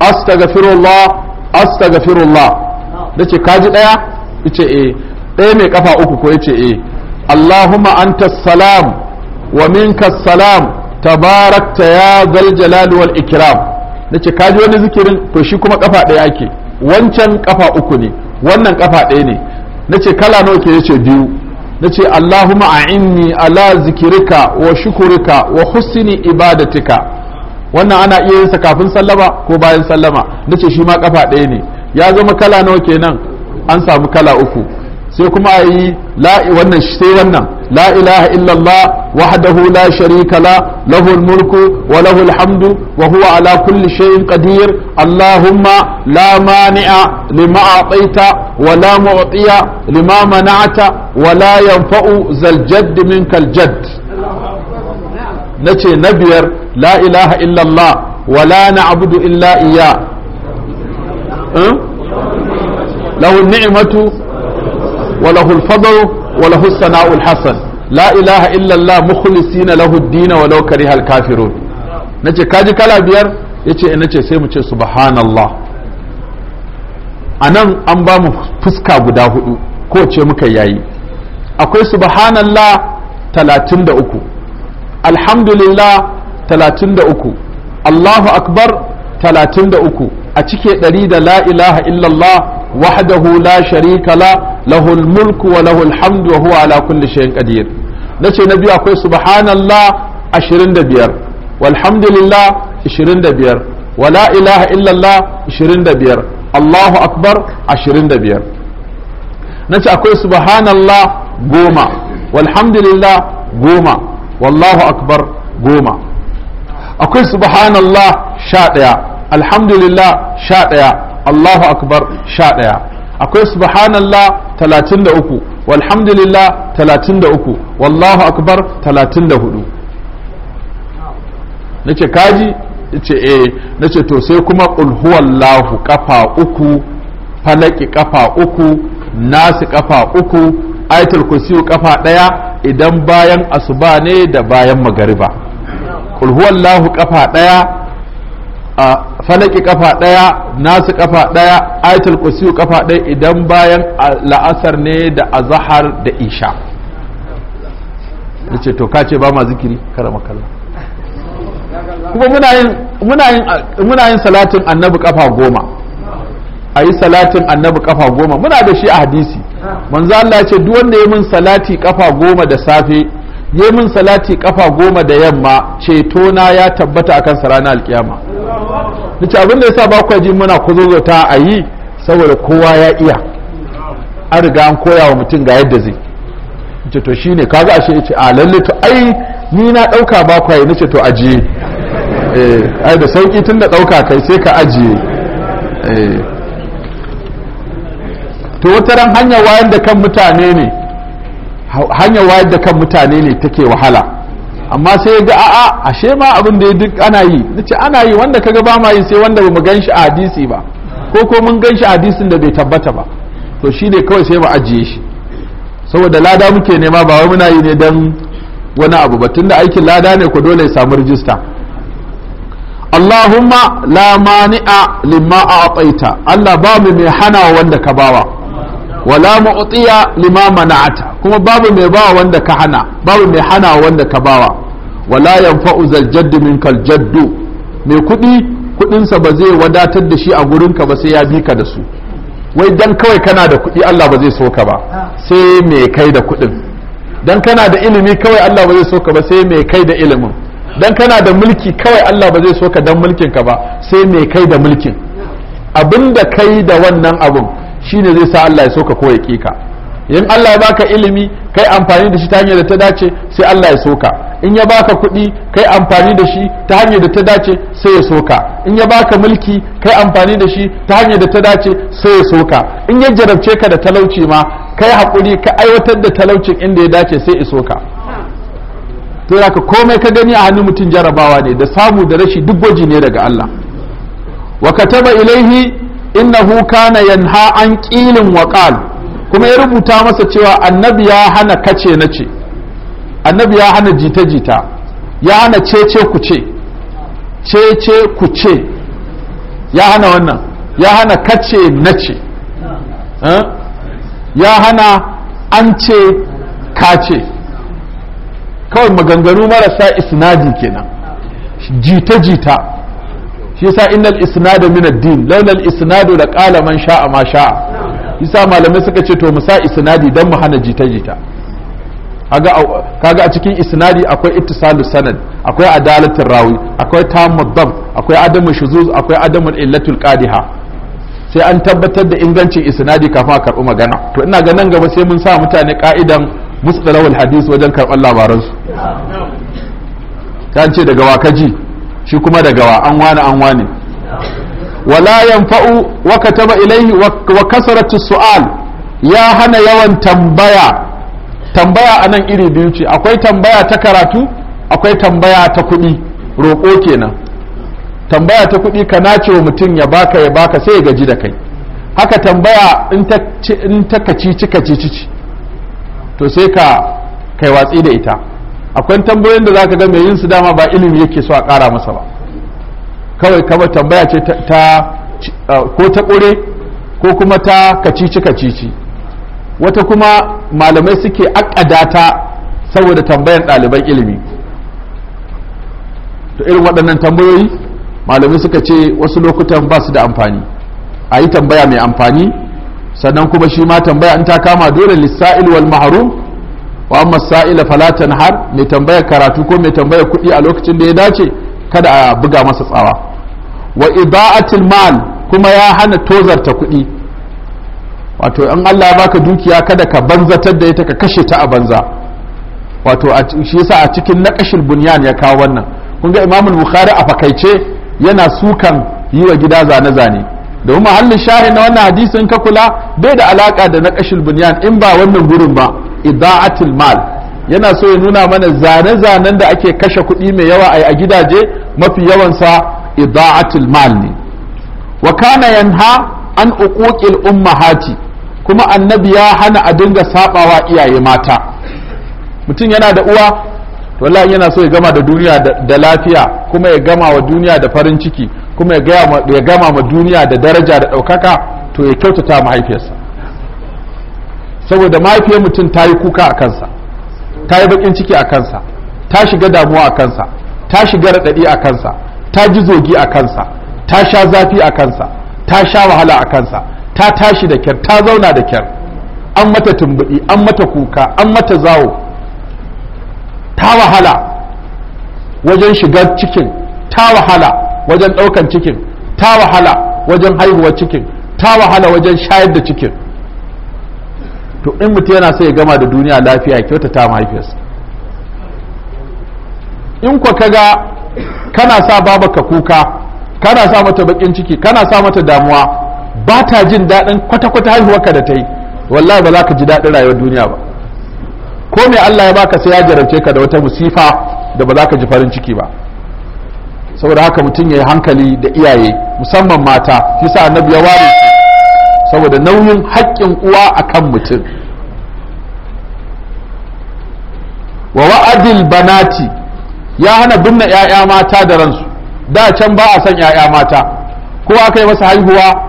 astaghfirullah astaghfirullah nace kaji daya yace eh ɗaya mai kafa uku ko yace eh Allahumma anta salam wa minka salam tabarakta ya zal jalal wal ikram nace kaji wani zikirin to shi kuma kafa ɗaya ake wancan kafa uku ne wannan kafa ɗaya ne na ce kala nawa ke yace biyu na nace Allahumma a'inni ala zikirika wa shukurika wa husni ibadatika wannan ana iya yin kafin sallama ko bayan sallama ce shi ma kafa ɗaya ne ya zama kala nawa kenan an samu kala uku sai kuma a yi wannan sai wannan la ilaha illallah wahdahu la sharika la lahul mulku wa lahu hamdu wa huwa ala kulli shay'in qadir allahumma la mani'a lima a'taita wa la mu'tiya lima mana'ata wa la yanfa'u zal jadd minkal jadd nace na biyar la ilaha illallah wa la na'budu illa iya hmm? lahu ni'matu وله الفضل وله الثناء الحسن لا اله الا الله مخلصين له الدين ولو كره الكافرون نجي كاجي كلا بير يجي نجي سيمو سبحان الله anan an bamu fuska guda huɗu. ko ce muka yayi akwai subhanallah talatin da uku alhamdulillah talatin da uku allahu akbar talatin da uku a cike ɗari da la ilaha illallah wahdahu la sharika la lahul mulku wa lahul wa huwa ala kulli shay'in qadir nace na biyu akwai subhanallah 25 walhamdulillah 25 wala ilaha illallah 25 Allahu akbar 25 nace akwai subhanallah goma walhamdulillah goma wallahu akbar goma akwai subhanallah sha ɗaya alhamdulillah sha ɗaya Allahu akbar sha ɗaya akwai subhanallah talatin da uku walhamdulillah talatin da uku wallahu akbar talatin da hudu nace kaji ce eh nace to sai kuma Lahu ƙafa uku falaki ƙafa uku nasi ƙafa uku aitul kursiyu ƙafa ɗaya idan bayan asuba ne da bayan magariba Lahu ƙafa ɗaya. a falaki kafa ɗaya nasu kafa ɗaya ayatul kursiyu kafa ɗaya idan bayan la'asar ne da azahar da isha yace to kace ba ma zikiri kara makalla kuma muna yin muna yin muna yin salatin annabi kafa goma ayi salatin annabi kafa goma muna da shi a hadisi manzo Allah ya ce duk wanda ya min salati kafa goma da safe yi min salati kafa goma da yamma ceto na ya tabbata akan sa ranar alkiyama nace abin da yasa ba ku ji muna kuzo ta a yi saboda kowa ya iya an riga an koya wa mutum ga yadda zai nace to shine kaga ashe yace a lalle to ai ni na dauka ba ku yi nace to ajiye eh ai da sauki tun da dauka kai sai ka ajiye eh to wataran hanyar wayar da kan mutane ne hanyar wayar da kan mutane ne take wahala amma sai ga a'a ashe ma abin da duk ana yi nace ana yi wanda kaga ba ma yi sai wanda bamu gan shi a hadisi ba ko ko mun gan shi a hadisin da bai tabbata ba to shi ne kawai sai mu ajiye shi saboda lada muke nema ba wai muna yi ne dan wani abu ba tunda aikin lada ne ko dole ya samu rijista Allahumma la mani'a lima a'taita Allah ba mu mai hana wanda ka bawa wala mu'tiya lima mana'ata kuma babu mai bawa wanda ka hana babu mai hana wanda ka bawa wala yanfa'u zal min minkal mai kudi kudinsa ba zai wadatar da shi a ka ba sai ya bika ka da su wai dan kawai kana da kudi Allah ba zai so ka ba sai mai kai da kudin dan kana da ilimi kawai Allah ba zai so ba sai mai kai da ilimin dan kana da mulki kawai Allah ba zai so ka dan mulkin ka ba sai mai kai da mulkin abinda kai da wannan abun ne zai sa Allah ya ka ko ya kika in Allah ya baka ilimi kai amfani da shi ta hanyar da ta dace sai Allah ya ka in ya baka kuɗi kai amfani da shi ta hanyar da ta dace sai ya ka in ya baka mulki kai amfani da shi ta hanyar da ta dace sai ya ka in ya jarabce ka da talauci ma kai haƙuri ka aiwatar da talaucin inda ya dace sai ya ka to ka komai ka gani a hannun mutum jarabawa ne da samu da rashi duk gwaji ne daga Allah wa kataba ilaihi innahu kana yanha an qilin wa qal kuma ya rubuta masa cewa annabi ya hana kace na ce annabi ya hana jita jita ya hana cece ku ce cece ku ce ya hana wannan ya hana kace na ce eh? ya hana an ce ka ce kawai maganganu marasa isnadi kenan jita jita shi yasa innal isnadu min ad-din laula al-isnadu la sha'a ma sha'a yasa malamai suka ce to mu sa isnadi dan mu hana jita jita kaga kaga a cikin isnadi akwai ittisalus sanad akwai adalatin rawi akwai tammud dab akwai adamu shuzuz akwai adamu illatul qadiha sai an tabbatar da ingancin isnadi kafin a karɓi magana to ina ga nan gaba sai mun sa mutane ka'idan musdalawul hadis wajen karɓar labaransu kan ce daga wakaji shi kuma daga wa an wani an wani wala yanfa'u wa kataba ilayhi wa kasaratu su'al ya hana yawan tambaya tambaya anan iri biyu ce akwai tambaya ta karatu akwai tambaya ta kuɗi roƙo kenan tambaya ta kuɗi ka nace wa mutum ya baka ya baka sai ya gaji da kai haka tambaya in ta kacici kacici to sai ka kai watsi da ita akwai tambayoyin da zaka ga mai yin su dama ba ilimi yake so a kara masa ba kawai kama tambaya ce ta uh, ko ta ƙure ko kuma ta kacici kacici wata kuma malamai suke akada ta saboda tambayan ɗaliban ilimi to irin waɗannan tambayoyi malamai suka ce wasu lokutan ba su da amfani a yi tambaya mai amfani sannan kuma shi ma tambaya in ta kama dole lissa'il wal mahrum wa amma sa'ila fala tanhar mai tambayar karatu ko mai tambayar kuɗi a lokacin da ya dace kada a buga masa tsawa wa iba'atul mal kuma ya hana tozarta kuɗi wato in Allah ya baka dukiya kada ka banzatar da ita ka kashe ta a banza wato shi yasa a cikin naqashil bunyan ya kawo wannan kun ga Imam Bukhari a fakaice yana sukan yi wa gida zane zane domin mahallin shahin na wannan hadisin ka kula bai da alaka da naqashil bunyan in ba wannan gurin ba ida'atul mal yana so ya nuna mana zane-zanen da ake kashe kuɗi mai yawa a gidaje mafi yawansa ida'atul mal ne wa kana yanha an uquqil ummahati kuma annabi ya hana a dinga sabawa iyaye mata mutum yana da uwa to wallahi yana so ya gama da duniya da lafiya kuma ya gama wa duniya da farin ciki kuma ya gama ma duniya da daraja da ɗaukaka to ya kyautata mahaifiyarsa saboda mahaifiyar mutum ta yi kuka a kansa ta yi bakin ciki a kansa ta shiga damuwa a kansa ta shiga raɗaɗi a kansa ta ji zogi a kansa ta sha zafi a kansa ta sha wahala a kansa ta tashi da kyar ta zauna da kyar an mata tumbuɗi an mata kuka an mata zawo ta wahala wajen shiga cikin ta wahala wajen ɗaukan cikin ta wahala wajen haihuwar cikin ta wahala wajen shayar da cikin to in mutum yana sai ya gama da duniya lafiya kyautata mahaifiyarsa in kwa kaga kana sa ka kuka kana sa mata bakin ciki kana sa mata damuwa ba ta jin daɗin kwata-kwata ka da ta yi wallahi ba za ka ji daɗin rayuwar duniya ba ko me Allah ya baka sai ya jarabce ka da wata musifa da ba za ka ji farin ciki ba saboda haka mutum ya yi hankali da iyaye musamman mata fi sa annabi ya ware su saboda nauyin haƙƙin uwa akan mutum wa wa'adil banati ya hana binne 'ya'ya mata da ransu da can ba a son 'ya'ya mata ko aka yi masa haihuwa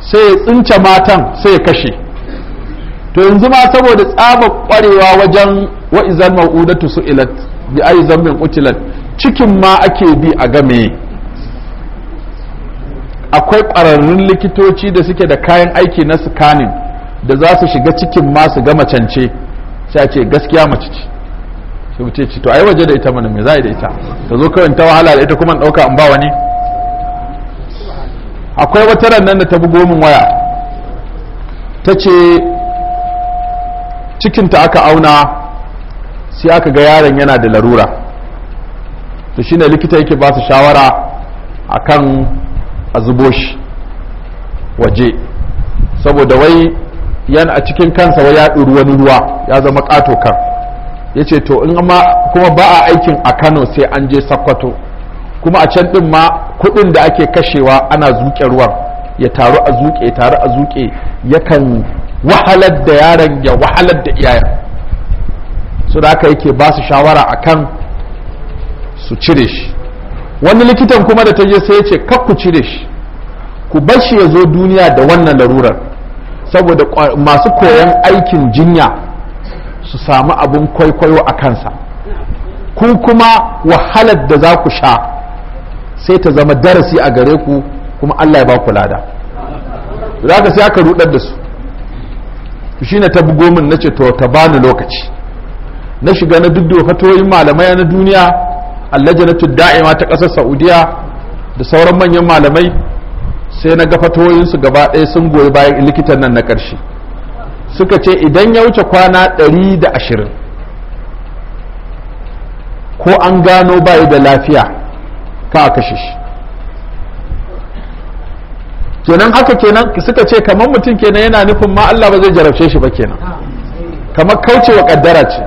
sai ya tsince matan sai ya kashe to yanzu ma saboda tsaba kwarewa wajen wa'izan ma'udatu su'ilat bi ayi zambin utilat cikin ma ake bi a game akwai ƙwararrun likitoci da suke da kayan aiki na scanning da za su shiga cikin masu gama cance sai a ce gaskiya mace ce shi ce ce to a yi waje da ita mana me za a da ita ta zo kawai ta wahala da ita kuma in ɗauka in ba wani akwai wata ran nan da ta bugo min waya ta ce cikinta aka auna sai aka ga yaron yana da larura to shine likita yake ba su shawara akan a zubo shi waje saboda wai yana a cikin kansa wai ya ɗuri wani ruwa ya zama ƙato kan ya ce to in ma kuma ba a aikin a kano sai an je sakkwato kuma a can ɗin ma kuɗin da ake kashewa ana zuƙe ruwan ya taru a zuƙe taru a zuƙe yakan wahalar da yaron ya wahalar da iyayen su da aka yake ba su shawara a kan su cire shi wani likitan kuma da ta je sai ya ce kak ku cire shi ku bar shi ya zo duniya da wannan larurar saboda masu koyon aikin jinya su samu abin kwaikwayo a kansa ku kuma wahalar da za ku sha sai ta zama darasi a gare ku kuma Allah ya ba ku lada za ka sai aka rudar da su shi ne ta bugo min na ce to ta bani lokaci na shiga na duk fatoyin malamai na duniya allajinatu da'ima ta ƙasar saudiya da sauran manyan malamai sai na ga fatoyinsu gaba ɗaya sun goyi bayan likitan nan na ƙarshe suka ce idan ya wuce kwana ɗari da ashirin ko an gano bayi da lafiya ka a kashe shi kenan haka kenan suka ce kamar mutum kenan yana nufin ma Allah ba zai jarabce shi ba kenan kamar kaucewa kaddara ce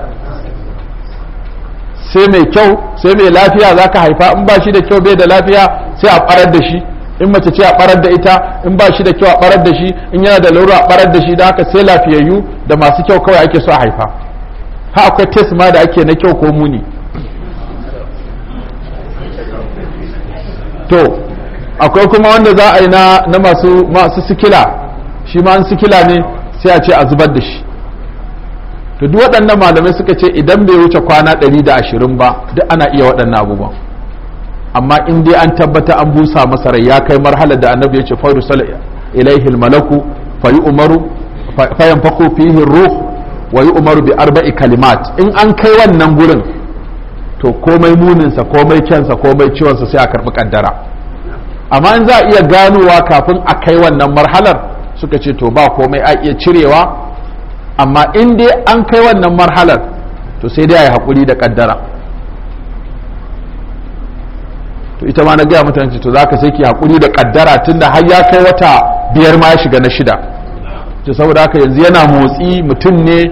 sai mai kyau sai mai lafiya za ka haifa in ba shi da kyau bai da lafiya sai a ɓarar da shi in mace ce a ɓarar da ita in ba shi da kyau a ɓarar da shi in yana da laura a ɓarar da shi da haka sai lafiyayyu da masu kyau kawai ake so a haifa ha akwai tes ma da ake na kyau ko muni to akwai kuma wanda za a yi na masu masu sikila shi ma an sikila ne sai a ce a zubar da shi to duk waɗannan malamai suka ce idan bai wuce kwana ashirin ba duk ana iya waɗannan abubuwan amma in dai an tabbata an busa masa rai ya kai marhalar da annabi ya ce fa yusal ilaihi malaku fa yu'maru fa yanfaqu fihi ruh wa yu'maru bi arba'i kalimat in an kai wannan gurin to komai muninsa komai kyansa komai ciwonsa sai a karɓi kaddara amma in za a iya ganowa kafin a kai wannan marhalar suka ce to ba komai a iya cirewa amma in dai an kai wannan marhalar to sai dai a yi haƙuri da ƙaddara to ita ma na gaya mutane to za ka sai ki haƙuri da ƙaddara tun da har ya kai wata biyar ma ya shiga na shida to saboda haka yanzu yana motsi mutum ne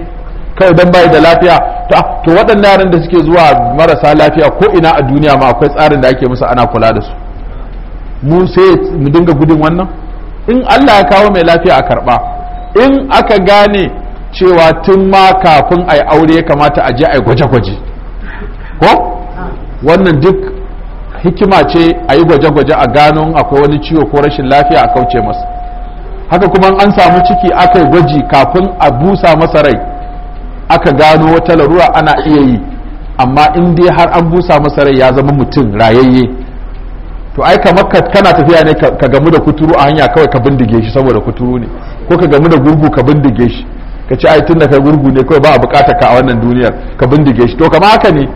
kawai don bayi da lafiya ah, to waɗannan yaran da suke zuwa marasa lafiya ko ina a duniya ma akwai tsarin da ake musu ana kula da su mu sai mu dinga gudun wannan in Allah ya kawo mai lafiya a karɓa in aka gane cewa tun ma kafin a yi aure ya kamata a je a yi gwaje-gwaje ko wannan duk hikima ce a yi gwaje-gwaje a gano akwai wani ciwo ko rashin lafiya a kauce masa haka kuma an samu ciki aka yi gwaji kafin a busa masa rai aka gano wata larura ana iya yi amma in dai har an busa masa rai ya zama mutum rayayye to ai kamar kana tafiya ne ka gamu da kuturu a hanya kawai ka bindige shi saboda kuturu ne ko ka gamu da gurgu ka bindige shi ka ce ai tunda kai gurgu ne kawai ba a bukata ka a wannan duniyar ka bindige shi to kamar haka ne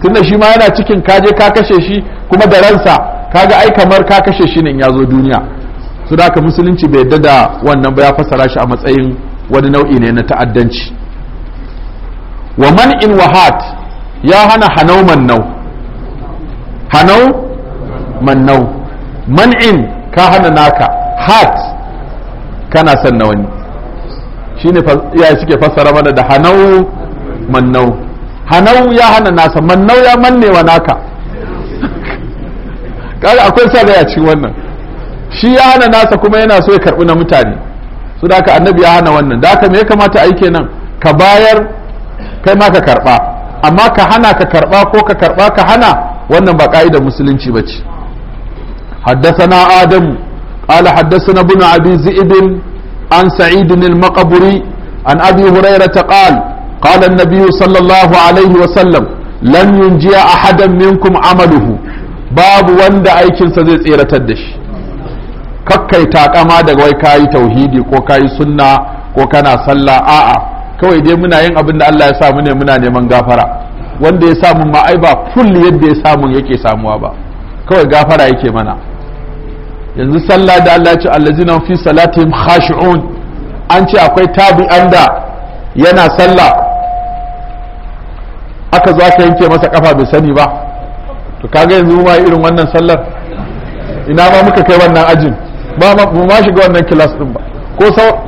tunda shi ma yana cikin ka je ka kashe shi kuma da ransa kaga ai kamar ka kashe shi ne ya zo duniya su da haka musulunci bai yadda da wannan ba ya fassara shi a matsayin wani nau'i ne na ta'addanci wa man in wahat ya hana hanau mannau hanau mannau in ka hana naka hat kana son na wani shine ya suke fassara mana da hanau mannau hanau ya hana nasa mannau ya manne wa naka kaga akwai sa a cikin wannan shi ya hana nasa kuma yana so ya karbi na mutane su da aka annabi ya hana wannan da aka me kamata ai nan ka bayar kai ma ka karba amma ka hana ka karba ko ka karba ka hana wannan ba ka'idar musulunci ba ce. bace حدثنا آدم قال حدثنا ابن أبي ibin. عن سعيد المقبري عن أبي هريرة قال قال النبي صلى الله عليه وسلم لن ينجي أحدا منكم عمله باب وند أيكن سزيز إيرة الدش kakkai takama daga wai kayi tauhidi ko kayi sunna ko kana sallah a'a kawai dai muna yin abin da Allah ya sa mu ne muna neman gafara wanda ya samu ma ai ba full yadda ya samu yake samuwa ba kawai gafara yake mana yanzu sallah da Allah ce allazina fi salatihim khashi'un an ce akwai tabi'an da yana sallah aka zo aka yanke masa kafa bai sani ba to kaga yanzu ma irin wannan sallar ina ma muka kai wannan ajin ba mu ma shiga wannan kilas din ba ko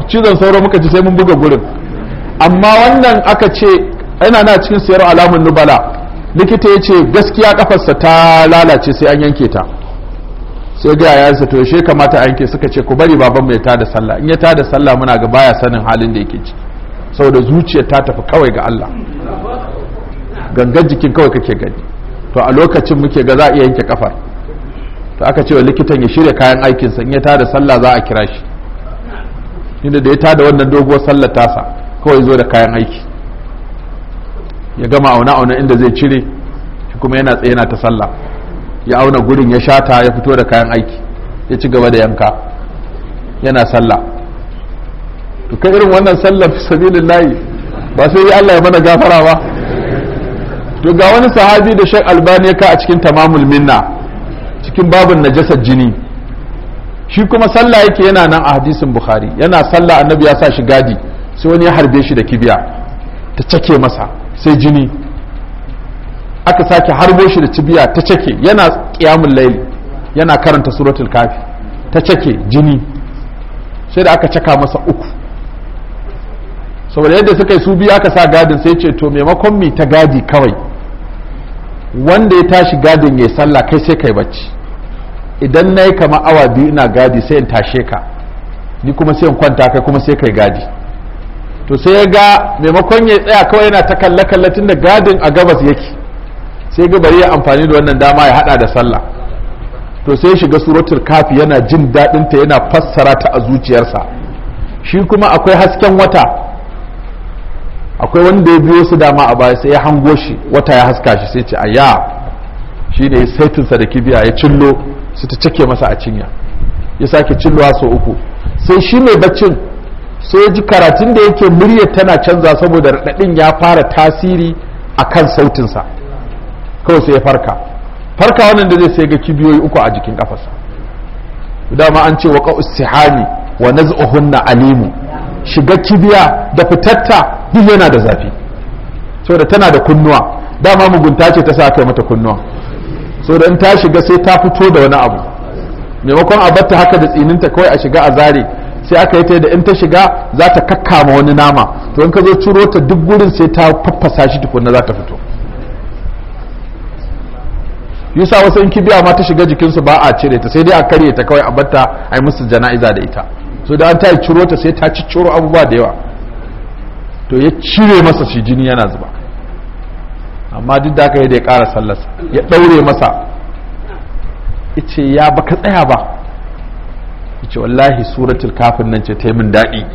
cizon sauro muka ci sai mun buga gurin amma wannan aka ce yana na cikin sayar alamun nubala likita ya ce gaskiya kafarsa ta lalace sai an yanke ta sai ga yayansa to she kamata a yanke suka ce ku bari baban mai tada sallah in ya tada sallah muna ga baya sanin halin da yake ciki saboda zuciyar ta tafi kawai ga Allah gangan jikin kawai kake gani to a lokacin muke ga za a iya yanke kafar to aka ce wa likitan ya shirya kayan aikin sa in ya tada sallah za a kira shi inda da ya tada wannan doguwar sallar tasa kawai zo da kayan aiki ya gama auna auna inda zai cire kuma yana tsaye yana ta sallah ya auna gurin ya shata ya fito da kayan aiki ya ci gaba da yanka yana sallah to kai irin wannan sallah fi sabilillahi ba sai ya Allah ya mana gafara ba to ga wani sahabi da Sheikh Albani ya ka a cikin tamamul minna cikin babin najasar jini shi kuma sallah yake yana nan a hadisin Bukhari yana sallah annabi ya sa shi gadi sai wani ya harbe shi da kibiya ta cake masa sai jini aka sake harbo shi da cibiya ta cake yana qiyamul laili yana karanta suratul kafi ta cake jini sai da aka caka masa uku saboda yadda suka yi su biya aka sa gadin sai ce to maimakon mi ta gadi kawai wanda ya tashi gadin ya sallah kai sai kai bacci idan na yi kama awa biyu ina gadi sai in tashe ka ni kuma sai in kwanta kai kuma sai kai gadi to sai ya ga maimakon ya tsaya kawai yana ta kalle kalle tun da gadin a gabas yake sai ga bari ya amfani da wannan dama ya hada da sallah to sai shiga suratul kafi yana jin daɗinta ta yana fassara ta a zuciyarsa shi kuma akwai hasken wata akwai wanda ya biyo su dama a baya sai ya hango shi wata ya haska shi sai ce aya shi ne saitinsa da kibiya ya cillo su ta cike masa a cinya ya sake cillowa sau uku sai shi mai baccin sai ji karatun da yake murya tana canza saboda raɗaɗin ya fara tasiri a kan sautinsa kawai sai ya farka farka wannan da zai sai ga kibiyoyi uku a jikin kafarsa dama an ce wa qa'us sihani wa naz'uhunna alimu shiga kibiya da fitatta duk yana da zafi saboda tana da kunnuwa dama mugunta ce ta sa kai mata kunnuwa saboda in ta shiga sai ta fito da wani abu maimakon a batta haka da tsininta kawai a shiga a zare sai aka yi ta da in ta shiga za ta kakkama wani nama to in ka zo ciro ta duk gurin sai ta faffasa shi tukunna za ta fito yusa wasu in kibiya ma ta shiga jikinsu ba a cire ta sai dai a karye ta kawai a batta a yi musu jana'iza da ita so da an ta yi ciro ta sai ta ci ciro abubuwa da yawa to ya cire masa shi jini yana zuba amma duk da aka yi da ya kara sallarsa ya ɗaure masa ice ya baka tsaya ba ice wallahi suratul kafin nan ce ta yi min daɗi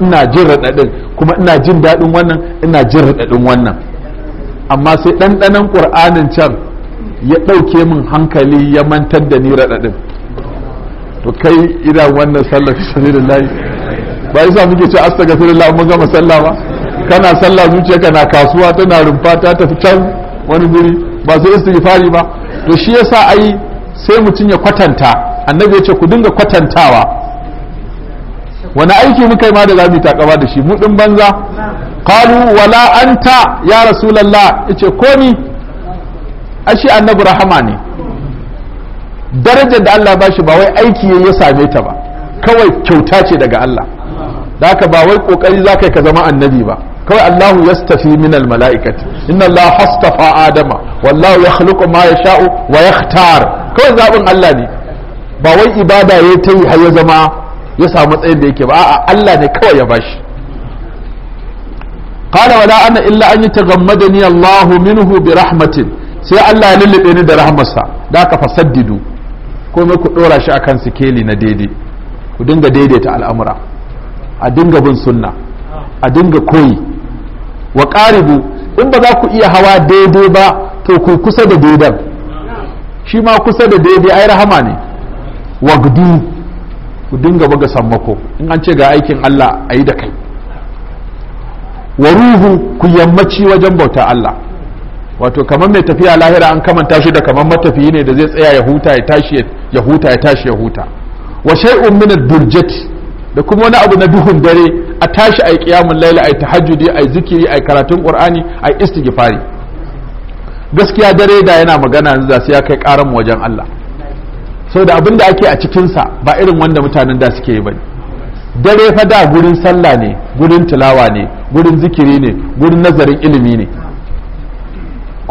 ina jin raɗaɗin kuma ina jin daɗin wannan ina jin raɗaɗin wannan amma sai ɗanɗanon ƙur'anin can ya ɗauke min hankali ya mantar da ni raɗaɗin to kai idan wannan sallar fi sabilillahi ba yasa muke ce astaghfirullah mun gama sallah ba kana sallah zuciyarka kana kasuwa tana rumfa ta tafi can wani guri ba su istighfari ba to shi yasa ai sai mutum ya kwatanta annabi ya ce ku dinga kwatantawa wani aiki muka yi ma da zamu takaba da shi mu din banza qalu wala anta ya rasulullah yace ko ni ashe annabi rahama ne darajar da Allah ba shi ba wai aiki ya same ta ba kawai kyauta ce daga Allah da haka ba wai kokari za ka zama annabi ba kawai Allahu yastafi min almalaikati inna Allah hastafa adama wallahu yakhluqu ma yasha'u wa yakhtar kawai zabin Allah ne ba wai ibada ya ta yi har ya zama ya samu matsayin da yake ba a'a Allah ne kawai ya bashi qala wala ana illa an yataghammadani Allahu minhu bi rahmatin sai Allah ya lullube ni da rahmarsa da aka fasaddidu komai ku dora shi akan sikeli na daidai ku dinga daidaita al'amura a dinga bin sunna a dinga koyi wa qaribu in ba za ku iya hawa daidai ba to ku kusa da daidan shi ma kusa da daidai ai rahama ne gudu ku dinga buga sammako in an ce ga aikin Allah a yi da kai wa ruhu ku yammaci wajen bauta Allah wato kamar mai tafiya lahira an kamanta shi da kamar matafiyi ne da zai tsaya ya huta ya tashi ya huta ya tashi ya huta wa shay'un min ad da kuma wani abu na duhun dare a tashi ai qiyamul layl ai tahajjudi ai zikiri ai karatun qur'ani ai istighfari gaskiya dare da yana magana yanzu za su ya kai karan wajen Allah saboda abin da ake a cikin sa ba irin wanda mutanen da suke yi bane dare fa da gurin sallah ne gurin tilawa ne gurin zikiri ne gurin nazarin ilimi ne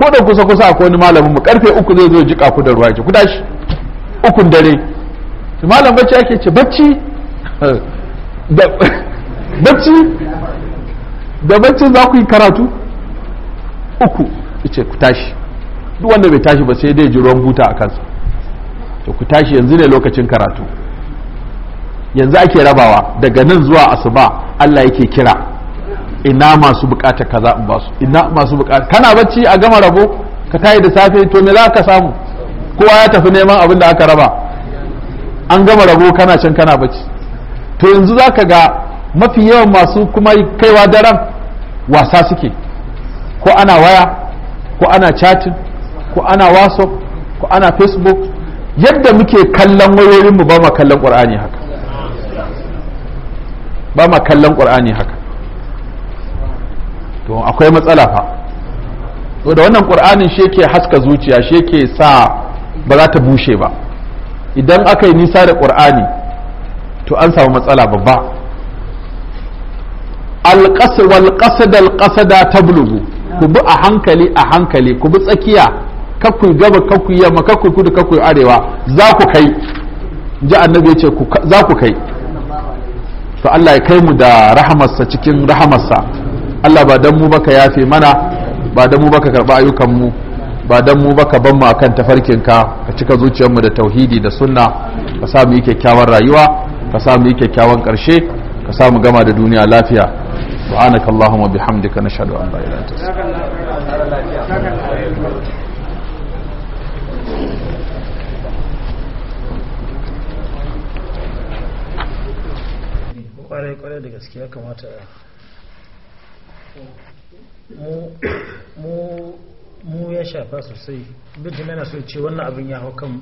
ko da kusa kusa ko wani malamin mu karfe uku zai zo jika ku da ruwa ki ku tashi ukun dare malam bacci yake ce bacci da bacci da bacci za ku yi karatu uku ce ku tashi duk wanda bai tashi ba sai dai ji ruwan buta a kansa to ku tashi yanzu ne lokacin karatu yanzu ake rabawa daga nan zuwa asuba Allah yake kira ina masu bukata kaza in ba su ina masu bukata kana bacci a gama rabo ka tayi da safe to me za ka samu kowa ya tafi neman abin da aka raba an gama rabo kana can kana bacci to yanzu za ka ga mafi yawan masu kuma kaiwa daren wasa suke ko ana waya ko ana chatting ko ana whatsapp ko ana facebook yadda muke kallon wayoyinmu ba ma kallon qur'ani haka ba ma kallon qur'ani haka to akwai matsala fa to da wannan qur'anin shi yake haska zuciya shi yake sa ba za ta bushe ba idan aka yi nisa da qur'ani to an samu matsala babba alqasd wal qasada al qasada tablugu ku bi a hankali a hankali ku bi tsakiya kakku gaba kakku yamma kakku kudu kakku arewa za ku kai ji annabi ya ce za ku kai to Allah ya kai mu da rahamarsa cikin rahamarsa Allah ba dan mu baka yafe mana ba dan mu baka karba ayyukan mu ba dan mu baka ban mu akan tafarkin ka ka cika zuciyarmu da tauhidi da sunna ka sa mu yi kyakkyawan rayuwa ka sa mu yi kyakkyawan karshe ka sa mu gama da duniya lafiya subhanaka allahumma bihamdika nashhadu an la ilaha illa anta kwarai kwarai da gaske ya kamata mu ya shafa sosai duk da yana so ce wannan abin ya hau kan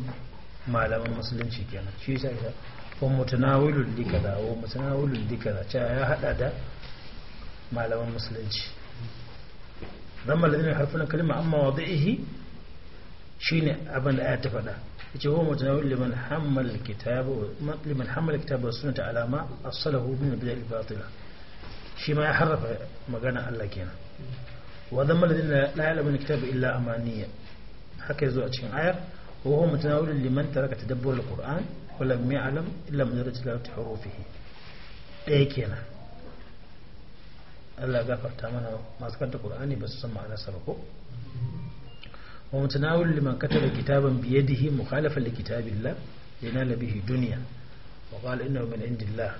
malaman musulunci kenan shi yasa ita wa mutanawilul dika da wa mutanawilul dika da cewa ya hada da malaman musulunci zama ladina harfunan kalma amma wadihi shine abin da aya ta faɗa yace huwa mutanawil liman hammal kitaba liman hammal kitaba sunnata alama asalahu min bidal batila شي ما يحرف مغانا الله كينا وذم الذين لا يعلم الكتاب الا امانيه حكى زو اتشين اير وهو متناول لمن ترك تدبر القران ولم يعلم الا من درج حروفه اي كينا الله غفر تماما ما سكنت قراني بس سمع على سبقه ومتناول لمن كتب كتابا بيده مخالفا لكتاب الله لنال به الدنيا وقال انه من عند الله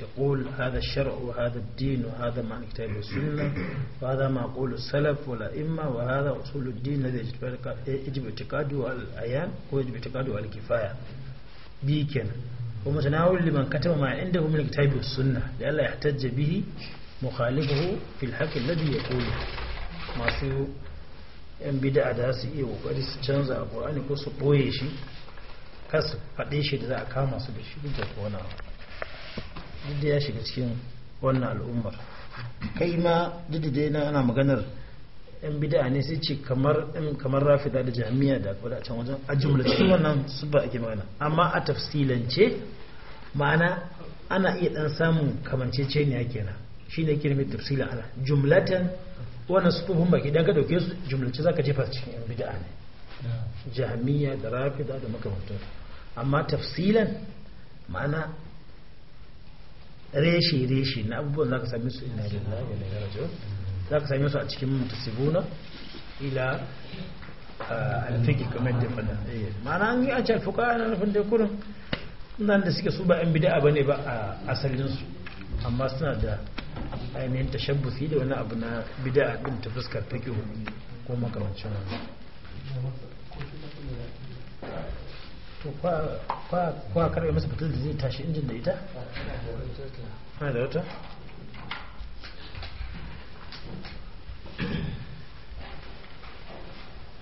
يقول هذا الشرع وهذا الدين وهذا مع كتاب السنة وهذا معقول السلف والأئمة وهذا أصول الدين الذي يجب اعتقاده العيان ويجب اعتقاده الكفاية به كان ومتناول لمن كتب ما عنده من الكتاب والسنة لئلا يحتج به مخالفه في الحق الذي يقوله ما سوء yan bid'a da su iya kokari su canza alkur'ani ko su boye shi kasu faɗe shi da za a kama su da shi duk da wani abu duk da ya shiga cikin wannan al'ummar kai ma duk da dai ana maganar yan bid'a ne sai ce kamar kamar rafida da jami'a da kwada can wajen a jumlace wannan su ba ake magana amma a tafsilance ma'ana ana iya dan samun kamanceceniya kenan shine kirmi tafsila ana jumlatan wannan sufufin baki dan ka dauke su jumlace zaka jefa cikin yan bid'a ne jami'a da rafida da makamantar amma tafsilan ma'ana reshe-reshe na abubuwan za ka sami su ina da lillahi na rajo za ka sami su a cikin sibuna ila ah, alfiki kamar da fada eh, mana an yi an ce alfuka na nufin da kurin nan da suke su ba yan bida ba ne ba a asalinsu amma suna da ainihin tashabbusi da wani abu na bida ɗin ta fuskar fikihu ko makamancin wani to kwa karbe masa fitil da zai tashi injin da ita? ana da wata?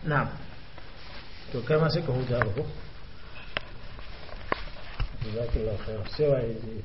na to kai ma sai ka huta ba ko? sai